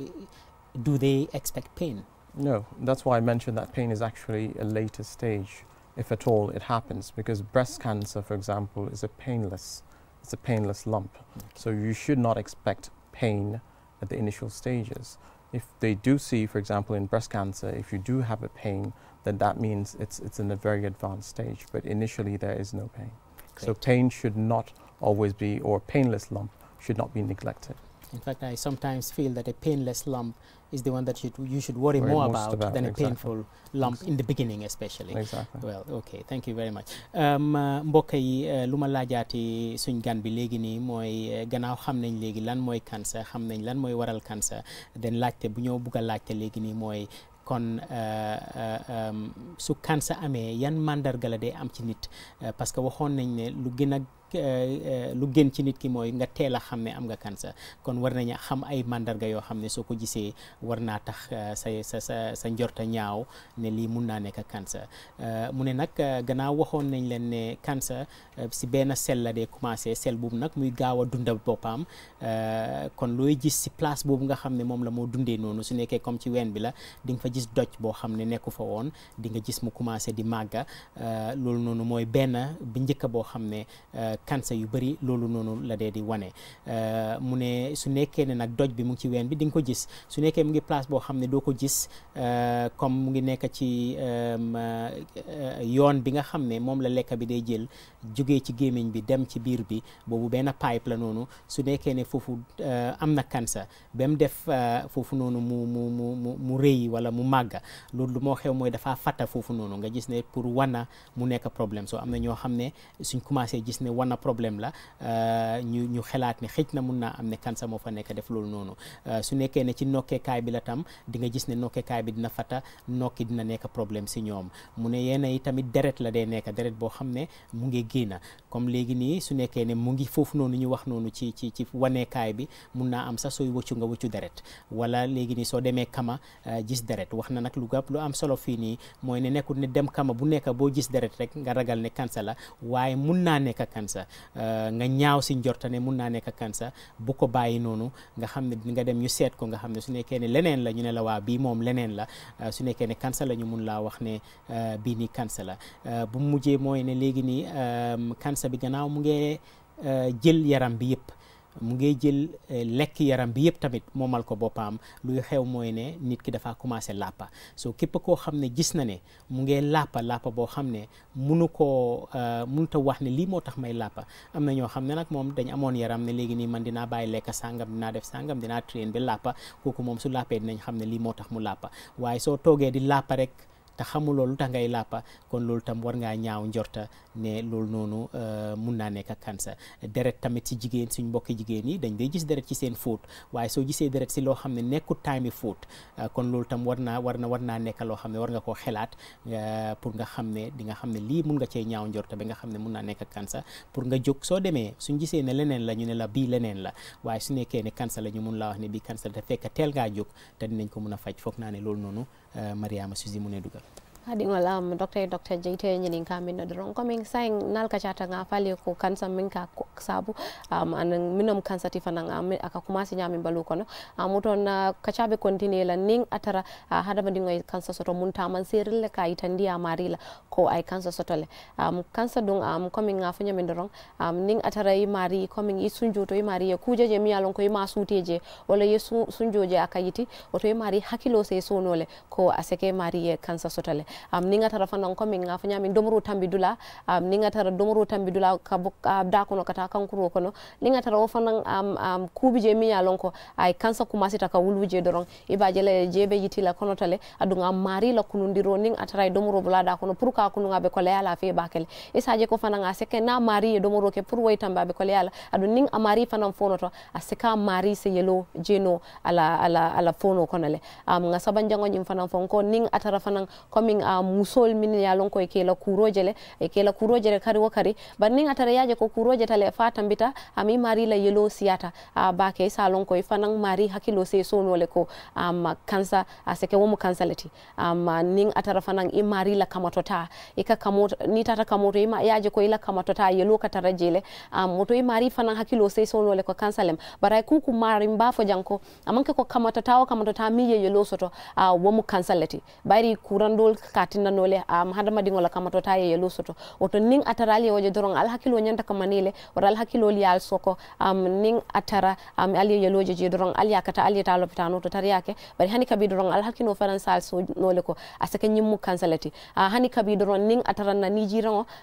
do they expect pain? No, that's why I mentioned that pain is actually a later stage, if at all it happens, because breast cancer, for example, is a painless, it's a painless lump. Okay. So you should not expect pain at the initial stages. If they do see, for example, in breast cancer, if you do have a pain, then that means it's, it's in a very advanced stage, but initially there is no pain. Great. So pain should not always be, or painless lump should not be neglected. In fact, I sometimes feel that a painless lump is the one that you, you should worry, worry more about, about, than exactly. a painful lump in the beginning, especially. Exactly. Well, okay, thank you very much. Um, uh, mbokk uh, luma lajati ma laajaati suñ gan bi léegi nii mooy uh, gannaaw xam nañ léegi lan mooy cancer xam nañ lan mooy waral cancer den laajte bu ñoo bugg a laajte léegi nii kon um, su cancer ame yan mandar la day am ci nit parce que waxoon nañ ne lu gën Eh, lu gën ci nit ki mooy nga teel a xam ne am nga cancer kon war nañ xam ay mandarga yoo xam ne soo ko gisee war naa tax eh, sa sa sa sa njorta ñaaw ne lii mun naa nekk cancer eh, mu ne nag gannaaw waxoon nañ leen ne cancer si benn sel la dee commencé sel boobu nag muy gaaw a dunda boppam kon looy gis si place boobu nga xam ne moom la moo dundee noonu su nekkee comme ci ween bi la di nga fa gis doj boo xam ne nekku fa woon di nga gis mu commencé di màgga loolu noonu mooy benn njëkk boo xam cancer yu bëri loolu noonu la dee di wane euh, mu ne su nekkee ne nag doj bi mu ci ween bi di nga ko gis su nekkee mu ngi place boo xam ne doo ko gis euh, comme mu ngi nekk ci euh, yoon bi nga xam moom la lekk bi day jël jógee ci gémmiñ bi dem ci biir bi boobu benn pipe la noonu su nekkee ne foofu am na cancer ba mu def foofu noonu mu mu mu mu mu rëy wala mu màgga loolu moo xew mooy dafa fatta foofu problème soo am na ñoo xam ne suñ commencé gis ne wana problème la euh, ñu ñu xalaat ne xëj na mun naa am ne cancer moo fa nekk def loolu noonu euh, su nekkee ne ci nokkeekaay bi la tam dinga gis ne nokkeekaay bi dina fata nokki dina nekk problème si ñoom mu ne yéen yi tamit deret la day nekk deret boo xam ne mu ngi génn comme léegi nii su nekkee ne mu ngi foofu noonu ñu wax noonu ci ci ci waneekaay bi mun naa am sax sooy wëccu nga wëccu deret wala léegi nii soo demee kama euh, gis deret wax na nag lu gàpp lu am solo fii nii mooy ne nekkul ne dem kama bu nekk boo gis deret rek nga ragal ne cancer la waaye mun naa nekk cancer cancer euh, nga ñaaw si ne mun naa nekk cancer bu ko bàyyi noonu nga xam ne nga dem ñu seet ko nga xam ne su nekkee ne leneen la ñu ne la waa bii moom leneen la euh, su nekkee ne cancer la ñu mun laa wax ne euh, bii nii kansa la bu mu mujjee mooy ne léegi nii cancer bi gannaaw mu ngi jël yaram bi yëpp mu ngay jël eh, lekk yaram bi yëpp tamit moomal ko boppam luy xew mooy ne nit ki dafa commencé làppa so képp koo xam ne gis na ne mu ngay làppa làppa boo xam ne munu koo eh, munuta wax ne lii moo tax may làppa am na ñoo xam ne nag moom dañ amoon yaram ne léegi nii man dinaa bàyyi lekk sàngam dinaa def sàngam dinaa train ba làppa kooku moom su làppee dinañ xam ne lii moo tax mu làppa waaye soo toogee di làppa rek te xamuloo lu tax ngay làppa kon loolu tam war ngaa ñaaw njorta ne loolu noonu euh, mun naa nekk cancer deret tamit ci jigéen suñ mbokki jigéen yi dañ day gis deret ci seen fóot waaye soo gisee deret si loo xam ne nekkul time fóot euh, kon loolu tam war naa war na war naa nekk loo xam ne war nga koo xelaat euh, pour nga xam ne di nga xam ne lii mun nga cee ñaaw njorta bi nga xam ne mun naa nekk kansa pour nga jóg soo demee suñ gisee ne leneen la ñu ne la bii leneen la waaye su nekkee ne cancer la ñu mun laa wax ne bii cancer te fekk teel ngaa jóg te dinañ ko mun a faj foog naa ne loolu noonu Mariama Suzy mu ne dugal hadi haɗingol dr dr docteur nyini kami ñinin drong min ɗoɗoron nal ka chata nga fali ko kansa min ka saabu um, an minom kansa ti fanan am aka commencé nyami balu ko no am um, uton uh, ka chabe continue la ning atara uh, haɗama ngoy kansa soto mun taman serille ka yitandiya marila ko ay le am um, kansa dung am um, nga fanya min drong am um, ning atara i mari komin i to i mari je kujeje miyalon ko masute je wala walla sunjo je aka yiti o to i mari hakilo se sonole ko aseke seke mari kansa soto le um, ninga tara fanan ko min ngafa nyami domru tambi dula um, ninga tara domru tambi dula ka bu uh, da kono kata kankuro kono ninga tara wo fa fanan am um, am um, kubi je mi yalon ko ay kansa ku ka taka je doron e ba je le yiti la kono tale adu nga mari la kunu kunundiro ning atara domru bula da kono pur ka kununga be ko fe ba kel e sa je ko fa a se ke na mari e domru ke pur way tamba be ko le ala adun ning amari fanan fono to a se ka mari se yelo jeno ala ala ala fono kono le am um, nga sabanjango nyim fanan fonko ning atara fanan coming uh, musol min ya lon ko e kela kuroje le e kela kuroje le kari wo kari bannin atara yaje ko kuroje tale fa mbita ami mari la yelo siata uh, ba ke sa lon ko e fanan mari hakilo se so no le ko am kansa aseke wo mu kansa leti am ning atara fanan i mari la kamatota e ka kamoto ni tata kamoto ima yaje ko ila kamatota yelo katara jele am moto i mari fanan hakilo se so no le ko kansa lem bara kuku mari mbafo janko amanke ko kamatota o kamatota mi ye yelo soto uh, wo mu kansa leti bari kurandol ka tinnanole um, ah, hadamadiŋola kama tota ye yelu soto woto niŋ atara ali ye wo je doroŋ ali hakkiloo ñanta kama nile le hakilo li al soko am ning atara am ali ye yeloo je je doroŋ ali ye kata ali ye taa lopitaanoo to tar yake bari hani kabi doroŋ al hakino fanaŋ sa so nole ko asaka nyim mu kansa le ti uh, ah, hani kabi doroŋ niŋ atara na ni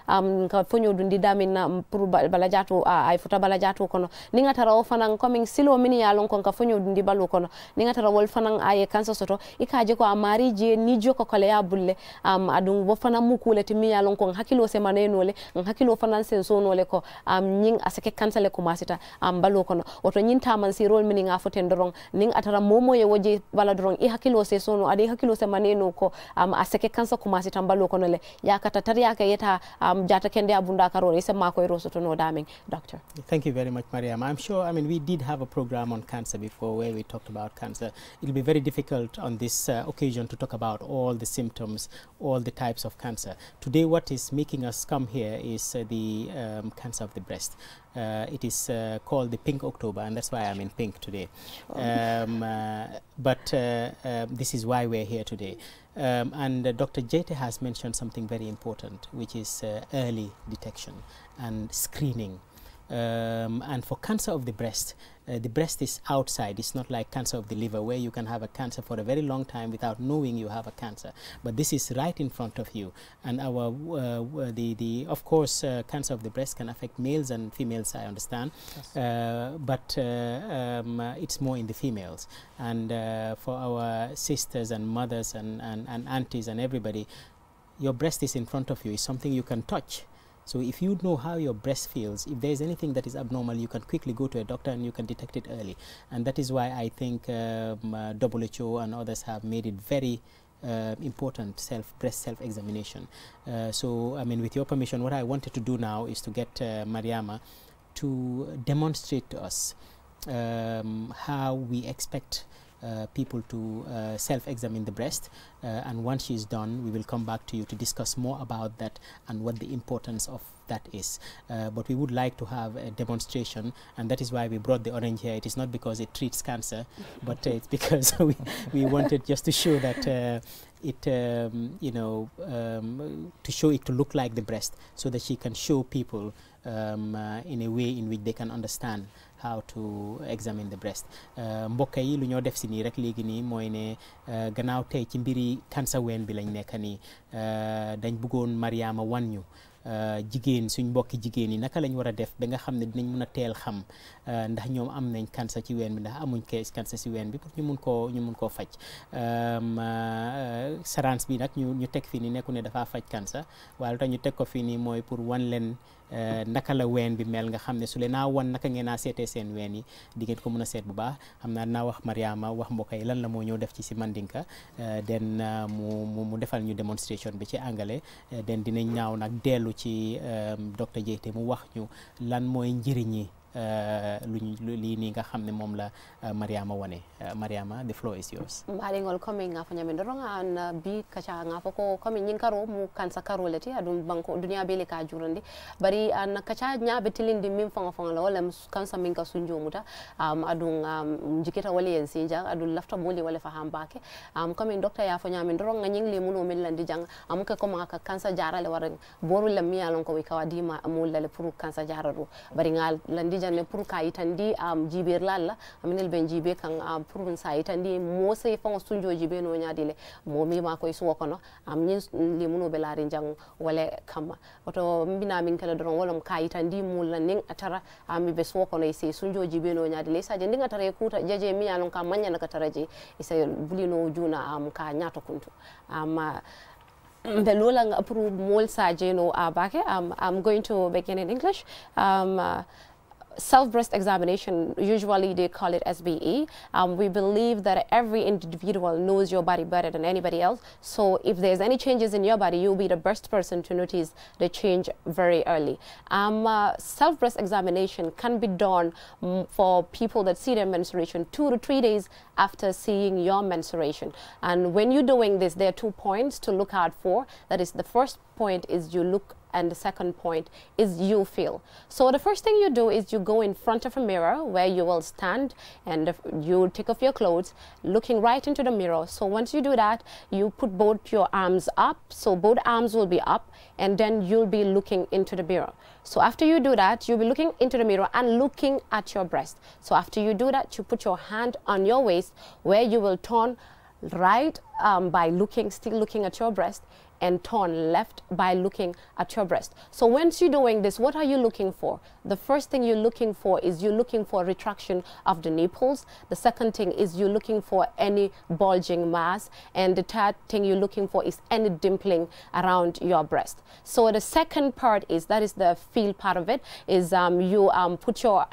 am ka fonyo dundi dami na pour balajaatoo uh, ay futa balajaatoo kono ning atara o wo coming silo mini minnu ye a ka fonyo dundi balu kono ning atara wol wolu ay kansa soto ikaje ko amari je ni jo kokole ye bulle um, aɗum wo fana mu kule ti miya lon ko n hakkilo semanenole n hakkilo fana sensonole ko um, ñing a seke kansale commencita um, balo kono woto ñin taman sirol mini ga foten doron nin atara momo ye woje bala doron i hakkilo sensono aɗa i hakkilo semaneno ko um, a seke kansa commencita balo kono le yakata tar yaka yeta um, jata kende abunda karore ise mako e no daming doctor thank you very much mariam i'm sure i mean we did have a program on cancer before where we talked about cancer it'll be very difficult on this uh, occasion to talk about all the symptoms all the types of cancer. Today what is making us come here is uh, the um, cancer of the breast. Uh, it is uh, called the Pink October and that's why I'm in pink today. Um, uh, but uh, um, this is why we're here today. Um, and uh, Dr. Jete has mentioned something very important which is early detection and screening um, and for cancer of the breast, uh, the breast is outside. It's not like cancer of the liver where you can have a cancer for a very long time without knowing you have a cancer. But this is right in front of you. And our uh, uh the the of course uh, cancer of the breast can affect males and females. I understand, yes. Uh, but uh, um, it's more in the females. And for our sisters and mothers and, and, and aunties and everybody, your breast is in front of you. It's something you can touch so if you know how your breast feels, if there is anything that is abnormal, you can quickly go to a doctor and you can detect it early. And that is why I think um, uh, WHO and others have made it very uh, important self breast self examination. Uh, so, I mean, with your permission, what I wanted to do now is to get uh, Mariama to demonstrate to us um, how we expect uh, people to uh, self-examine the breast. Uh, and once she's done, we will come back to you to discuss more about that and what the importance of that is. Uh, but we would like to have a demonstration, and that is why we brought the orange here. It is not because it treats cancer, [LAUGHS] but uh, it's because [LAUGHS] we, we wanted just to show that uh, it, um, you know, um, to show it to look like the breast so that she can show people um, in a way in which they can understand how to examine the breast euh, mbokk yi lu ñoo def si nii rek léegi nii mooy ne euh, gannaaw tey ci mbiri cancer ween bi lañ nekk nii euh, dañ bëggoon Mariama wan ñu jigéen suñ mbokki jigéen yi naka lañ war a def ba nga xam ne dinañ mun a teel xam ndax ñoom am nañ cancer ci ween bi ndax amuñ kees cancer ci ween bi pour ñu mun koo ñu mun koo faj sarans bi nag ñu ñu teg fii nii nekku ne dafaa faj cancer waaye lu tax ñu teg ko fii nii mooy pour wan leen Eh, naka la ween bi mel nga xam ne su leen naa wan naka ngeen naa seetee seen ween yi di ngeen ko mën a seet bu baax xam naa naa wax Mariama wax mbokk yi lan la moo ñëw def ci si mandinka eh, den eh, mu mu defal ñu démonstration bi ci àngale den dinañ ñaaw nag dellu ci docteur Jaiteh mu wax ñu lan mooy njëriñi Euh, luñ lii nii nga xam ne moom la euh, Mariama wane euh, Mariama the floor is yours mbaɗigol commin ngafo ñamin dotonga an bi kaca ngafo ko commin ñin karo mu kansa karoleti aɗum banko duniya bele ka jurandi bari an kaca ñaaɓe tilindi min faga faga la walla kansa min ka sunjomuta um, aɗum um, jikita wale yen si jang lafta moli wale faham bake um, commin docteur yafo ñamin dotonga ñing limuno min landi jang amuke koma ka kansa jarale wara boru lammi yalon ko wi kawa dima mol pour kansa jaraɗo bari ngal landi janne pour ka yitandi um, jiberlalla aminel ɓe jibe kan um, pour sa yitandi mose fon sunjoji ɓe no ñadile momima koye suwo kono am ñin limunoɓe laari jang wala kamma oto mbinamin kala doron wolom ka yitandi mulla nin a tara ami suwo kono ise sunjoji ɓe no ñadile isaje ndin a tara e kuuta jeje miñalon ka mañana ka tara je isa bulino juna um, ka ñato kuntu amma um, the Lolang approved Molsa Jeno Abake. I'm going to begin in English. Um, uh, self-breast examination, usually they call it SBE. Um, we believe that every individual knows your body better than anybody else. So if there's any changes in your body, you'll be the best person to notice the change very early. Um, uh, self-breast examination can be done mm, for people that see their menstruation two to three days after seeing your menstruation. And when you're doing this, there are two points to look out for. That is the first point is you look and the second point is you feel. So the first thing you do is you go in front of a mirror where you will stand and you take off your clothes looking right into the mirror. So once you do that, you put both your arms up. So both arms will be up and then you'll be looking into the mirror. So after you do that, you'll be looking into the mirror and looking at your breast. So after you do that, you put your hand on your waist where you will turn right um, by looking, still looking at your breast and torn left by looking at your breast. So once you're doing this, what are you looking for? The first thing you're looking for is you're looking for retraction of the nipples. The second thing is you're looking for any bulging mass. And the third thing you're looking for is any dimpling around your breast. So the second part is, that is the feel part of it, is um, you um, put your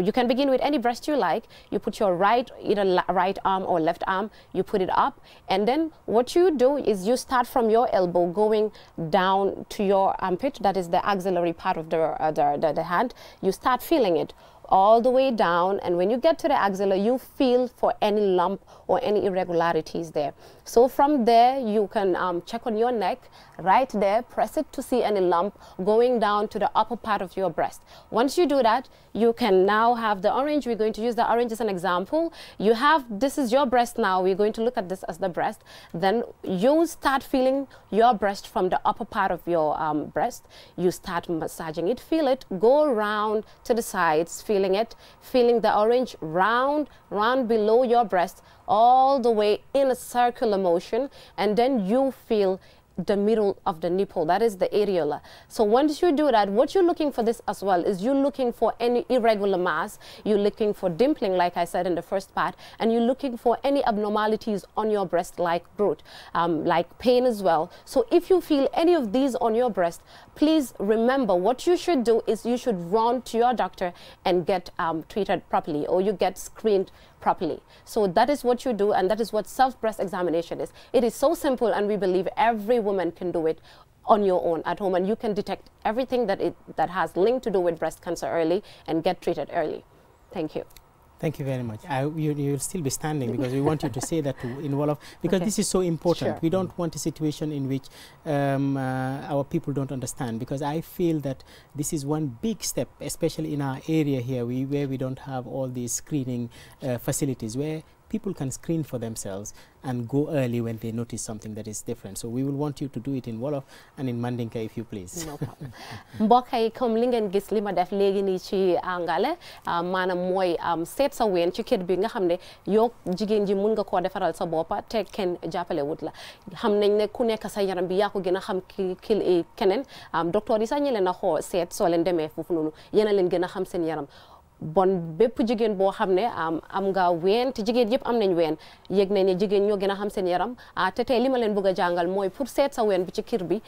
you can begin with any breast you like. You put your right, either right arm or left arm, you put it up. And then what you do is you start from your elbow going down to your armpit, that is the axillary part of the, uh, the, the, the hand. You start feeling it all the way down. And when you get to the axilla, you feel for any lump or any irregularities there. So from there, you can um, check on your neck right there, press it to see any lump going down to the upper part of your breast. Once you do that, you can now have the orange. We're going to use the orange as an example. You have, this is your breast now. We're going to look at this as the breast. Then you start feeling your breast from the upper part of your um, breast. You start massaging it, feel it, go around to the sides, feeling it, feeling the orange round, round below your breast all the way in a circular motion and then you feel the middle of the nipple that is the areola so once you do that what you're looking for this as well is you're looking for any irregular mass you're looking for dimpling like i said in the first part and you're looking for any abnormalities on your breast like growth um, like pain as well so if you feel any of these on your breast please remember what you should do is you should run to your doctor and get um, treated properly or you get screened properly. So that is what you do and that is what self-breast examination is. It is so simple and we believe every woman can do it on your own at home and you can detect everything that, it, that has linked to do with breast cancer early and get treated early. Thank you. Thank you very much. I, you, will still be standing because we want you to say that to involve. because okay. this is so important. Sure. We don't want a situation in which um, uh, our people don't understand because I feel that this is one big step, especially in our area here we, where we don't have all these screening uh, facilities where people can screen for themselves and go early when they notice something that is different so we want you to do it in Wolof and in Mandinka if you please. no problem [LAUGHS] mbokk yi comme li ngeen gis li ma def léegi nii ci angale ah, maanaam mooy set sa ween ci ket bi nga xam ne yow jigen ji mun nga koo defaral sa bopa te kenn jàppale wut la xam nañ ne ku nekk sa yaram bi yaa ko gën a xam ki kil eh, keneen docteur yi sax ñu leen a xool seet soo leen demee foofu noonu yéen a leen gën a xam seen yaram. bon bépp jigéen boo xam ne am am nga ween te jigéen yëpp am nañ ween yëg nañ ne jigéen ñoo gën a xam seen yaram ah, te tey li ma leen bëgg a jàngal mooy pour seet sa ween bi ci kir bi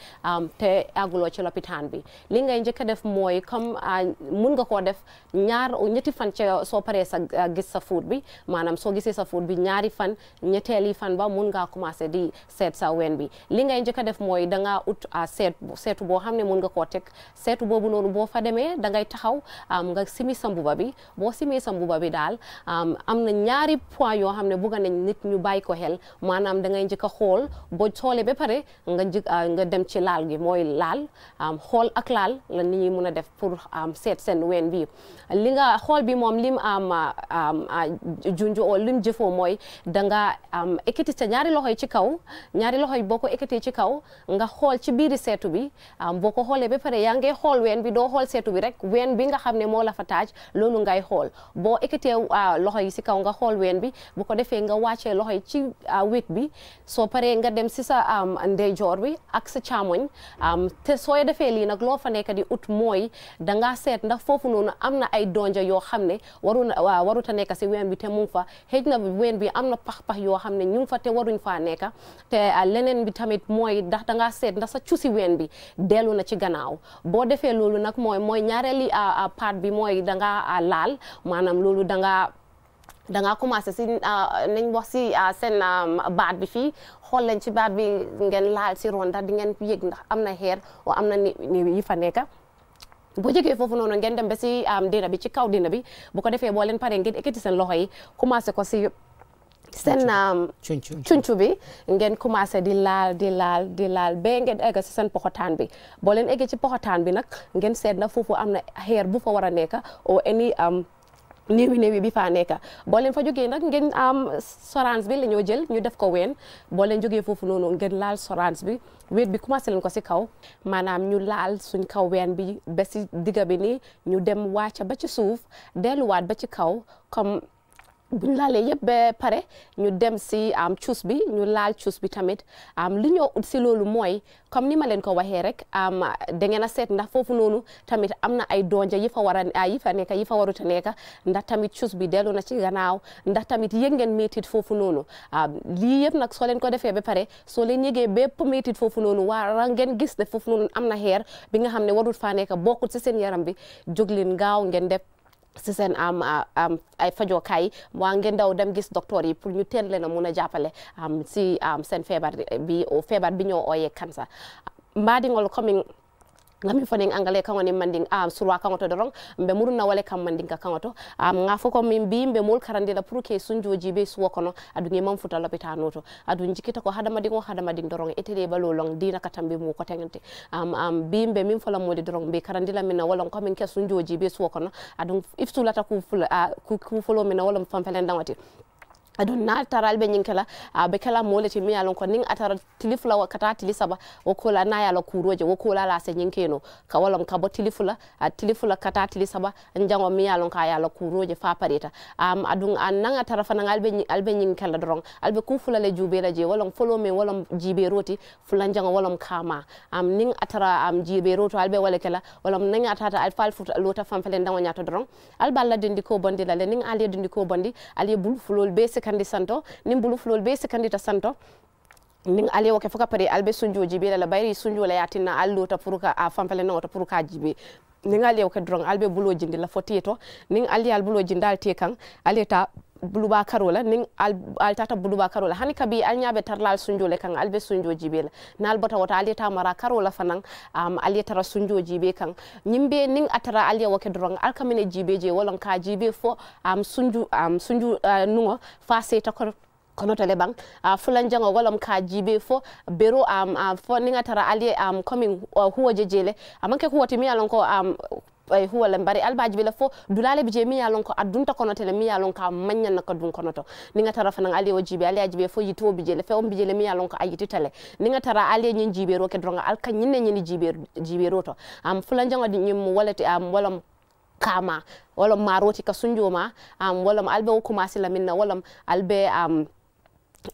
te àgguloo ci lopitaan bi li ngay njëkk a def mooy comme ah, mun nga koo def ñaar ñetti fan soo paree sa ah, gis sa fuut bi maanaam soo gisee sa fuut bi ñaari fan ñetteeli fan ba mun ngaa commencé di seet sa ween bi li ngay njëkk def mooy dangaa ut seet seetu boo xam ne mun nga koo teg seetu boobu noonu boo fa demee dangay taxaw nga simi sa mbuba bi bi boo simee sa mbuba bi daal am na ñaari point yoo xam ne bugga nañ nit ñu bàyyi ko xel maanaam da ngay njëkk a xool boo xoolee ba pare nga njëkk ah, nga dem ci laal gi mooy laal xool ak laal la nit ñi mun a def pour seet seen ween bi li nga xool bi moom lim am ah, junju oo lim jëfoo mooy da nga ekkati sa ñaari loxo yi ci kaw ñaari loxo yi boo ko ekkatee ci kaw nga xool ci biiri seetu bi boo ko xoolee ba pare yaa ngi xool ween bi doo xool seetu rek ween bi nga xam ne moo la noonu ngay xool boo ekkatee ah, loxo yi si kaw nga xool ween bi bu ko defee nga wàccee loxo yi ci ah, wet bi soo paree nga dem si sa ndeyjoor bi ak sa càmmoñ te soo defee lii nag loo fa nekk di ut mooy danga seet ndax foofu noonu am na ay donja yoo xam ne waru ah, waruta nekk si ween bi te mu fa xëj na ween bi am na pax-pax yoo xam ne ñu fa te waruñ faa nekk te leneen bi tamit mooy ndax danga seet ndax sa cusi ween bi dellu na ci gannaaw boo defee loolu nag mooy mooy ñaareeli part bi mooy danga laal maanaam loolu da nga da ngaa commencé si euh, nañ wax sen euh, seen euh, baat bi fii xool leen ci baat bi ngeen laal si ron ndax di ngeen yëg ndax am na xeer oo am na néew yi fa nekk boo jógee foofu noonu ngeen dem ba si dina bi ci kaw dina bi bu ko defee boo leen paree ngeen ekkati seen loxo yi commencé ko si seen cuncu um, bi ngeen commencé di laal di laal di laal ba ngeen egg si seen poxotaan bi boo leen eggee ci poxotaan bi nag ngeen seet na foofu am na xeer bu fa war a nekk o any um, néewi néewi bi faa nekk boo leen fa jógee nag ngeen am um, sorance bi la ñoo jël ñu def ko ween boo leen jógee foofu noonu ngeen laal sorance bi weet bi commencé leen ko si kaw maanaam ñu laal suñ kaw ween bi ba si digga bi ni ñu dem wàcca ba ci suuf delluwaat ba ci kaw bu ñu laalee yëpp ba pare ñu dem si am cuus bi ñu laal cuus bi tamit am li ñoo si loolu mooy comme ni ma leen ko waxee rek am da ngeen a seet ndax foofu noonu tamit am na ay donja yi fa war a yi fa nekk yi fa warut a nekk ndax tamit cuus bi dellu na ci gannaaw ndax tamit yëg ngeen métit foofu noonu lii yëpp nag soo leen ko defee ba pare soo leen yëgee bépp métit foofu noonu waa ngeen gis ne foofu noonu am na xeer bi nga xam ne warut faa nekk bokkut si seen yaram bi jóg leen gaaw ngeen def. si seen am am ay fajokaay waa ngeen daw dam gis docteur yi pour ñu teel na a mun a jàppale si seen feebar bi feebar bi ñoo ooyee cancer gami fo ɗen engalais kagonen mandin a ah, surwa kagoto doron ɓe murna wale kam mandin ka kagoto ah, ga fo ko min mbi ɓe mol karandila pour que sunjoji ɓe suwa kono aɗum e manfuta lopitanoto aɗum jikkita ko hadamadin o hadamadin doron etede ɓalolon dina ka tan ɓe mu kotengte mbi ɓe min folamude doron ɓe karandila min walon komin ke sunjoji ɓe suwa kono aɗum ifsulata ku ah, folo min walon fanfelen dawati aɗum na taral ɓe ñinkela ɓe kala molete mi yalon ko nin atara tili fula kata tili saba wokola na yala kuroje wokola la se ñinkeno ka walon ka bo tili fula tili fula kata tili saba jango mi yalon a yala kuroje fa pareta um, aɗum a nan atara fana alɓe alɓe ñinkela doron alɓe ku fula le jubela je walon folo men walon jibe roti fula jango walon alfa alfuta lota fanfele dango ñato doron alɓe allah dindi ko bondi lale nin aliye dindi ko bondi aliye bul fulol be kandi santo nin fulol be ta santo nin alewo ke foka pare albe sunjo jibe la bayri sunjo la yatina allo ta furuka a fampele no ta furuka jibe nin alewo ke drong albe jindi la fotieto ni ali al bulo jindal te kan aleta buluba karola nin al tata buluba karola hani kabi al nyabe tarlal sunjole kan albe sunjo jibela nal bota wata al yeta mara karola fanan um, al yetara sunjo jibe kan nyimbe nin atara al ya wake dorong al kamine jibe je wolon ka jibe fo um, sunju um, sunju eh, nungo fa se ta kono to le bang uh, fulan jango walam ka jibe fo bero am um, uh, fo ninga tara ali am um, coming uh, eh, huwo jejele amanke huwo timi alon am um, huwa le mbari albaji la fo dulale je mi lon ko kono tele mi ya lon ka na ko dun ni ninga tara fanan ali o jiiɓe ali aji ɓe fof yitowo bijele fewo bijele mi yalon ko ni ninga tara ali ñin jiiɓero ke dronga alka ñinne ñini jiiɓero to am fula jangoɗi ñimmo walati am walam kama wala maroti ka sunjoma am walam albe o kumasi minna walam albe am um,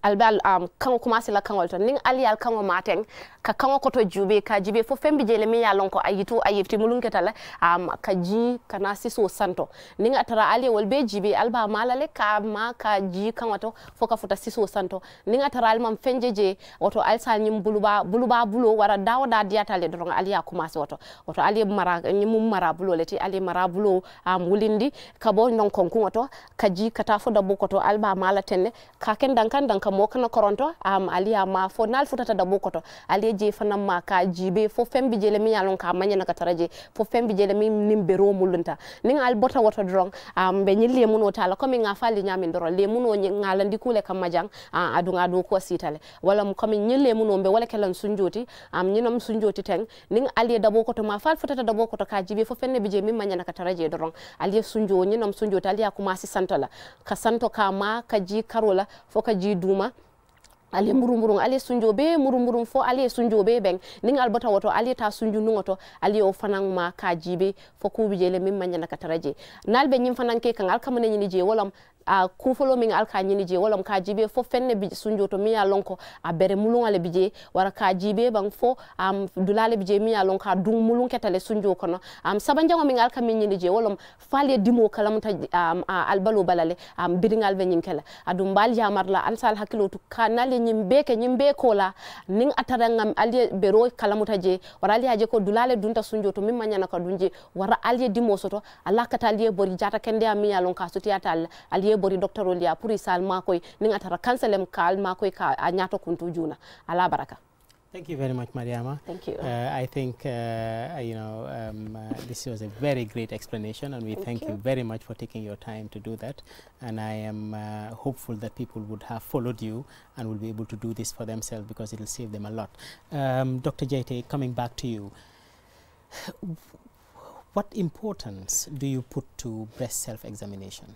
albal um, kaŋo commencé la kaŋol to niŋ ali yal kaŋo mateŋ ka kaŋo koto jube ka jibe fo feŋ bi jele miŋ ye ko a yitu a yefti mulun keta le um, ka ji kana sisoo santo niŋ a tara ali ye wolu bee jibe ali ba mala le ka ma ka ji kaŋo to fo ka futa sisoo santo niŋ a tara ali maŋ feŋ jeje woto ali sa ñiŋ buluba buluba bulo wara dawo daa diyata le doroŋ ali ye commencé woto woto ali ye mara ñiŋ muŋ mara bulo le ti ali ye mara bulo um, wulindi ka bo nonkonkuŋo to ka ji ka taa fo dabo koto ali ba mala teŋ ne ka keŋ dankaŋ hanka mo kana koronto am aliya ma fo nal futata dabo koto aliya e je fana ma ka jibe fo fembi jele mi yalon ka manya na kataraje fo fembi jele mi nimbe romulunta nin al bota woto drong am be nyille mun wota la komi nga fali nyami ndoro le mun o ngalandi kule kam majang adunga do ko sitale wala mu komi nyi le mun be wala kelan sunjoti am nyi nam sunjoti teng nin aliya e dabo koto ma fal futata dabo koto ka jibe fo fenne bi je mi manya na kataraje doro aliya e sunjo nyi nam sunjoti aliya kuma si santala ka santo ka ma ka ji karola fo ka ji du rumah ale murumurun ale sunjo be murumurun fo ale sunjo be ben ning albata woto ale ta sunju nungo to o fanan ma ka jibe fo kubi jele min manya kataraje nalbe nyim fanan kan alkama ne nyini je wolam a kufolo min alka nyini je wolam ka jibe fo fenne bi sunjo to miya lonko a bere mulun ale bije wara ka jibe ban fo am dulale bije miya lonko a dum mulun ketale sunjo kono am sabanjango min alka min nyini je wolam fale dimo kalam ta um, albalo balale am biringal be nyinkela adum bal jamarla ansal hakilo to kanale ñim beke ñim be kola la nin atara ngam aliye bero kalamuta je wara aliye je ko dulale dunta sunjo to min manyana ka dunje wara aliye dimo soto ala kata aliye bori jata kende a miya lon ka suti atal aliye bori doctor olia pour isal makoy nin atara kanselem kal makoy ka a nyato kuntu juna ala baraka Thank you very much, Mariama. Thank you. Uh, I think, uh, you know, um, uh, this was a very great explanation and we thank, thank you. you. very much for taking your time to do that. And I am uh, hopeful that people would have followed you and will be able to do this for themselves because it will save them a lot. Um, Dr. Jaite, coming back to you, what importance do you put to breast self-examination?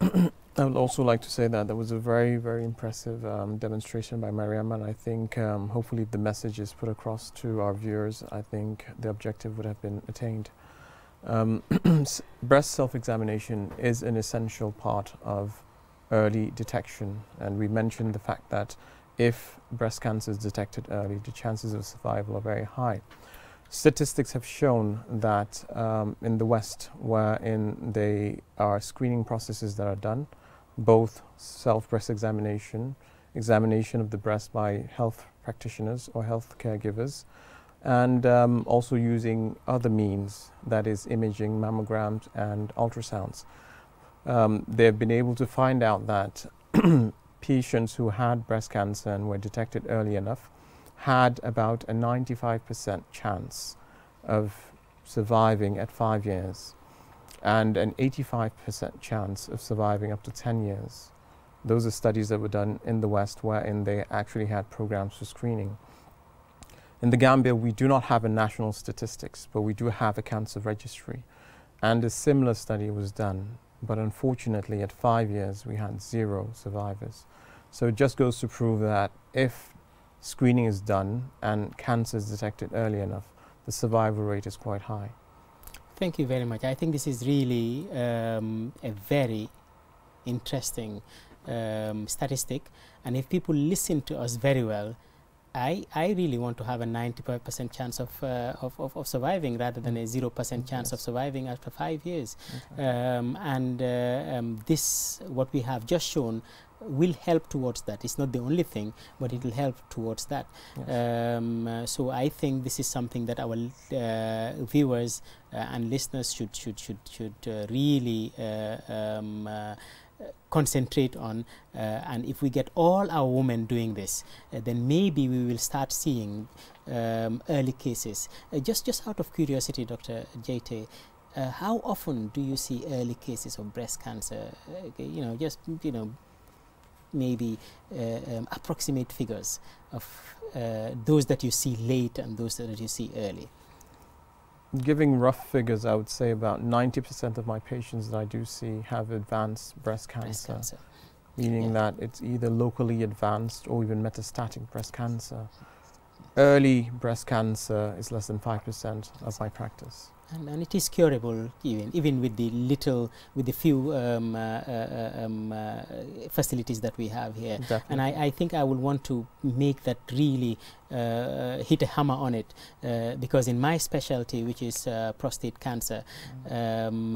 [COUGHS] I would also like to say that that was a very, very impressive um, demonstration by Mariam, and I think um, hopefully the message is put across to our viewers. I think the objective would have been attained. Um, [CLEARS THROAT] breast self-examination is an essential part of early detection, and we mentioned the fact that if breast cancer is detected early, the chances of survival are very high. Statistics have shown that um, in the West, where in they are screening processes that are done, both self breast examination, examination of the breast by health practitioners or health caregivers, and um, also using other means, that is imaging, mammograms, and ultrasounds. Um, they've been able to find out that [CLEARS THROAT] patients who had breast cancer and were detected early enough had about a 95% chance of surviving at five years and an 85% chance of surviving up to 10 years. Those are studies that were done in the West wherein they actually had programs for screening. In the Gambia, we do not have a national statistics, but we do have a cancer registry. And a similar study was done, but unfortunately at five years we had zero survivors. So it just goes to prove that if screening is done and cancer is detected early enough, the survival rate is quite high. Thank you very much. I think this is really um, a very interesting um, statistic. And if people listen to us very well, I, I really want to have a 95 percent chance of, uh, of, of, of, surviving rather than a mm. 0 percent chance of surviving after five years. Okay. Um, and uh, um, this, what we have just shown, will help towards that. It's not the only thing, but it will help towards that. Yes. Um, uh, so I think this is something that our uh, viewers uh, and listeners should, should, should, should uh, really um, concentrate on uh, and if we get all our women doing this uh, then maybe we will start seeing um, early cases uh, just just out of curiosity dr jt uh, how often do you see early cases of breast cancer uh, you know just you know maybe uh, um, approximate figures of those that you see late and those that you see early giving rough figures, I would say about 90% of my patients that I do see have advanced breast cancer. Breast cancer. Meaning yeah. that it's either locally advanced or even metastatic breast cancer. Early breast cancer is less than 5% of my practice and, and it is curable even even with the little with the few um, uh, uh um, uh, facilities that we have here and I, I, think I would want to make that really uh, hit a hammer on it uh, because in my specialty which is uh, prostate cancer um,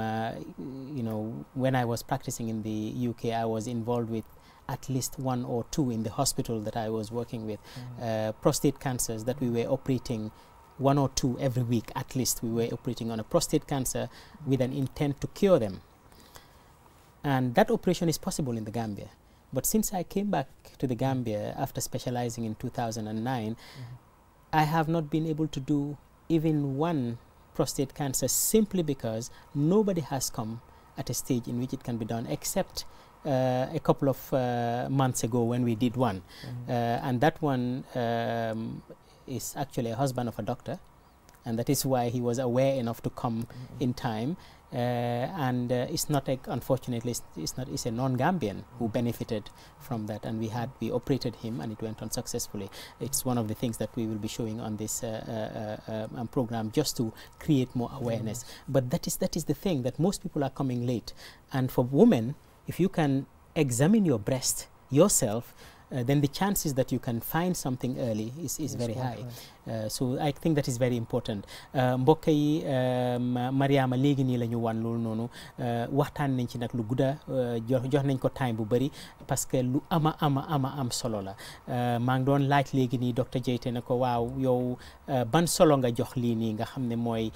you know when I was practicing in the UK I was involved with at least one or two in the hospital that I was working with mm. prostate cancers that we were operating one or two every week at least we were operating on a prostate cancer with an intent to cure them. And that operation is possible in the Gambia. But since I came back to the Gambia after specializing in 2009, mm -hmm. I have not been able to do even one prostate cancer simply because nobody has come at a stage in which it can be done except uh, a couple of uh, months ago when we did one. Mm -hmm. uh, and that one um, is actually a husband of a doctor, and that is why he was aware enough to come mm -hmm. in time. Uh, and uh, it's not unfortunately, it's, not. It's a non-Gambian mm -hmm. who benefited from that, and we had we operated him, and it went on successfully. It's one of the things that we will be showing on this uh, uh, uh um, um, program just to create more awareness. Mm -hmm. But that is that is the thing that most people are coming late, and for women, if you can examine your breast yourself uh, then the chances that you can find something early is, is very high. high. Uh, so I think that is very important uh, mbokk yi uh, Mariama léegi nii la ñu wan loolu noonu waxtaan nañ ci nag lu gudda jox nañ ko time bu bëri parce que lu ama ama ama am solo la maa ngi doon laaj léegi nii docteur Jeyte ne ko waaw yow ban solo nga jox lii nii nga xam ne mooy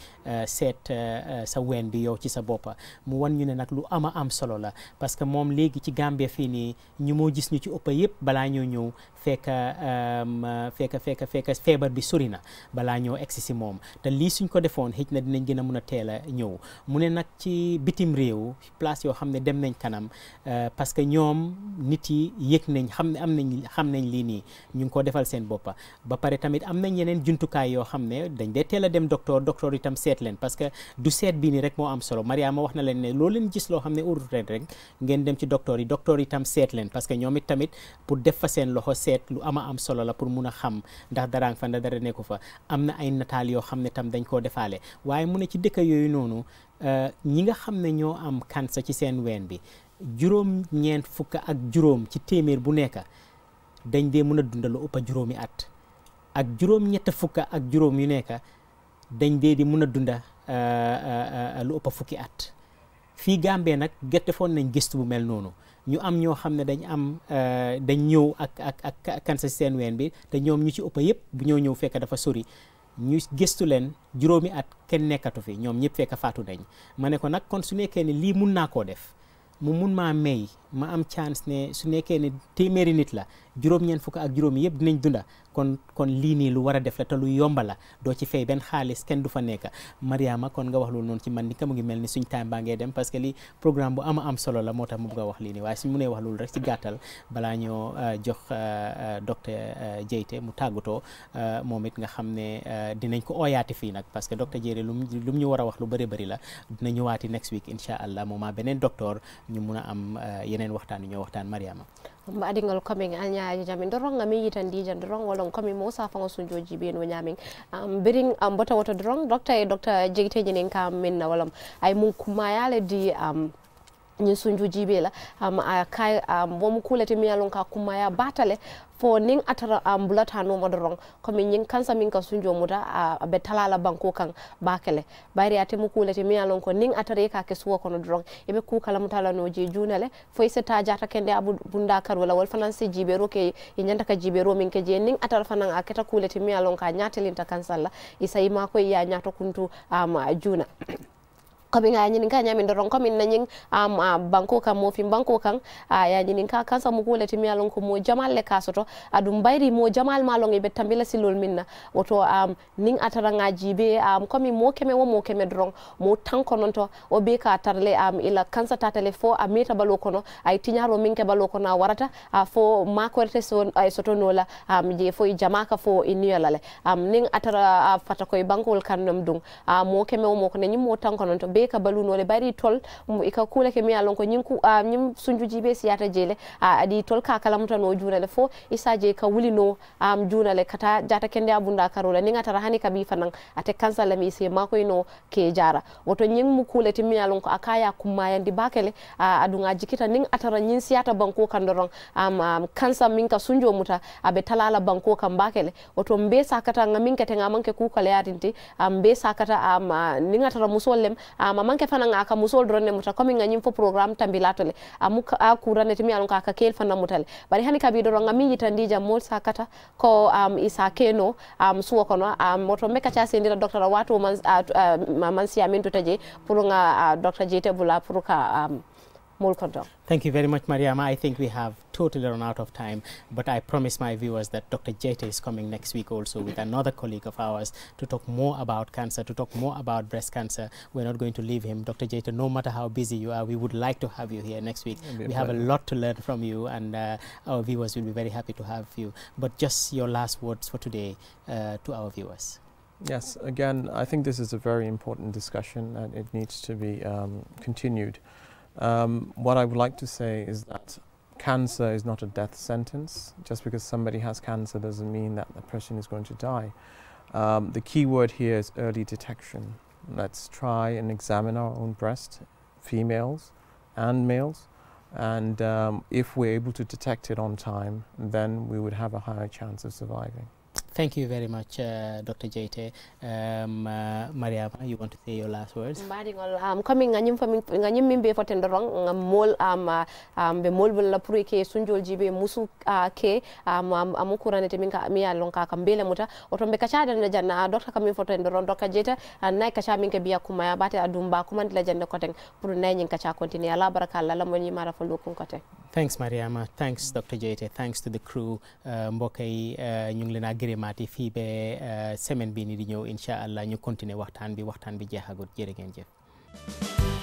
seet sa ween bi yow ci sa boppa mu wan ñu ne nag lu ama am solo la parce que moom léegi ci Gambia fii nii ñu moo gis ñu ci ëpp yëpp balaa ñoo ñëw fekk ehm, fekk fekk fekk feebar bi sori na balaa ñëw egsi si moom te lii suñ ko defoon xëj na dinañ gën a mun a teel a ñëw mu ne nag ci bitim réew place yoo xam ne dem nañ kanam eh, parce que ñoom nit yi yëg nañ xam ne am nañ xam nañ lii nii ñu ngi ko defal seen boppa ba pare tamit am nañ yeneen juntukaay yoo xam ne dañ dee teel a dem docteur docteur itam seet leen que du seet bii nii rek moo am solo Mariama wax na leen ne loo leen gis ne urut rek ngeen yi docteur itam seet leen parce que ñoom tamit pour def fa seen loxo seet lu ama am solo la pour mun a xam ndax dara nga fa ndax dara nekku fa am na ay nataal yoo xam ne tam dañ koo defaale waaye mu ne ci dëkk yooyu noonu euh, ñi nga xam ne ñoo am cancer ci seen ween bi juróom ñeent fukk ak juróom ci téeméer bu nekk dañ dee mën a dundal lu ëpp juróomi at ak juróom ñett fukk ak juróom yu nekk dañ dee di mën a dunda euh, euh, lu ëpp fukki at fii Gambie nag gettefoon nañ gëstu bu mel noonu ñu am ñoo xam ne dañ am euh, dañ ñëw ak ak ak cancer seen ween bi te ñoom ñu ci ëpp yëpp bu ñoo ñëw fekk dafa sori ñu gëstu leen juróomi at kenn nekkatu fi ñoom ñëpp fekk faatu nañ ma ne ko nag kon su nekkee ne lii mun naa koo def mu mun maa may ma am chance ne su nekkee ni téeméeri nit la juróom-ñeent fukk ak juróom yëpp dinañ dunda kon kon lii nii lu war a def la ta lu yomba la doo ci fay benn xaalis kenn du fa nekk Mariama kon nga wax loolu noonu ci man ni ka mu ngi mel ni suñ time baa ngee dem parce que li programme bu ama am solo la moo tax mu nga wax lii nii waaye suñ mu nee wax loolu rek ci gàttal balaa ñoo euh, jox euh, euh, docteur Jeyte mu tàggatoo moom it nga xam ne dinañ ko ooyaati fii nag parce que docteur Jeyte lu lu mu ñu war a wax lu bëri bëri la dina ñëwaati next week incha allah moom beneen docteur ñu mun a am yeneen waxtaan yu ñoo waxtaan Mariama mbo adiŋol komin alñaaji jamin doron ngami yitan dijan doron wolon komin mo safaŋo sunjoji ɓeno ñamin birin mbota woto doron docta e docta jegiteji nen min na wolom ay mum kummayale di ñin sunju jibe la um, a kai um, wo mu kulete mi yalon ka kuma ya batale fo nin atara um, bulata no mo ko min ñin kansa min ka sunjo muta a uh, be talala banko kan bakele bayri ate mu kulete mi yalon ko nin atara ka ke suwo kono doron e be ku kala mutala no je junale fo ise ta jata kende abu bunda kar wala wal fanan se jibe ro ke nyanta ka jibe min ke je nin atara fanan a keta kulete mi yalon ka nyatelinta kansalla isa ima ko ya nyato kuntu um, juna ko min ha ñinin ka ñamin doron ko min nañin am um, banko kam mo fin banko kan ya ñinin ka uh, kansa mo gole timi alon ko mo jamal le kasoto adum uh, bayri mo jamal ma malon e betambila silol minna woto am um, nin atara ngaji be am um, mo keme wo mo keme doron mo tanko non to o be ka tarle am um, ila kansa tatale fo a uh, meta balo kono ay tiñaro min ke balo kono warata a fo makorete so ay soto nola am um, je fo jamaka fo iniyalale am um, nin atara fatako fata koy bankol nam dum uh, mo keme wo mo ko ne mo tanko non to be ka baluno bari tol ika e kula ke a alon ko nyin ku uh, nyim sunjuji be jele uh, adi tol ka kala mutano juna le fo isa e je ka wulino um, juna le kata jata kende abunda karola ninga tara hani kabi fanan ate kansala mi se mako ino ke jara woto nyin mu kula timmi alon ko akaya kumayan di bakele uh, adunga jikita ning atara nyin siyata banko kandoron um, um, kansa minka sunjo muta abe talala banko kan bakele woto mbe sakata nga minka tenga manke yatinti mbe sakata um, ninga tara musollem um, um, ah, amanke fana nga aka musol drone muta komi fo programme program tambilatole amuka ah, akura ah, ne timi alon ka kel fana mutale bari hani kabi doro ngami yitandija mol sakata ko um, isa keno um, suwo kono um, moto meka cha sendira dr watu man, uh, uh, mansi amin tutaje pour nga uh, dr jete bula pour ka um, Mulkondo. Thank you very much, Mariama. I think we have totally run out of time, but I promise my viewers that Dr. Jeta is coming next week also with another colleague of ours to talk more about cancer, to talk more about breast cancer. We're not going to leave him. Dr. Jeta, no matter how busy you are, we would like to have you here next week. We have a lot to learn from you, and uh, our viewers will be very happy to have you. But just your last words for today uh, to our viewers. Yes, again, I think this is a very important discussion and it needs to be um, continued. Um, what I would like to say is that cancer is not a death sentence. Just because somebody has cancer doesn't mean that the person is going to die. Um, the key word here is early detection. Let's try and examine our own breast, females and males. And um, if we're able to detect it on time, then we would have a higher chance of surviving. Thank you very much, uh, Dr. Jaite. Um, uh, Mariama, you want to say your last words? Mbaringol, um, coming nganyim famin nganyim mimbe fotendorong ngam mol am um, am uh, um, be mol bula puri ke sunjol jibe musu uh, ke am um, am kurane te minka mi alon ka kambele muta otombe kacha dan janna Dr. kamin fotendorong Dr. Jaite uh, nay kacha minke biya kuma bate adumba kuma ndila janna koten pur nay nyin kacha kontine ala baraka la lamoni mara fondu kun koten. Thanks Mariama, thanks Dr. Jaite, thanks to the crew. Uh, mbokay ñu ngi leen amaati fii ba eh, semaine bii nii di ñëw incha allah ñu continuer waxtaan bi waxtaan bi jeexagut jërë ngeen jëf.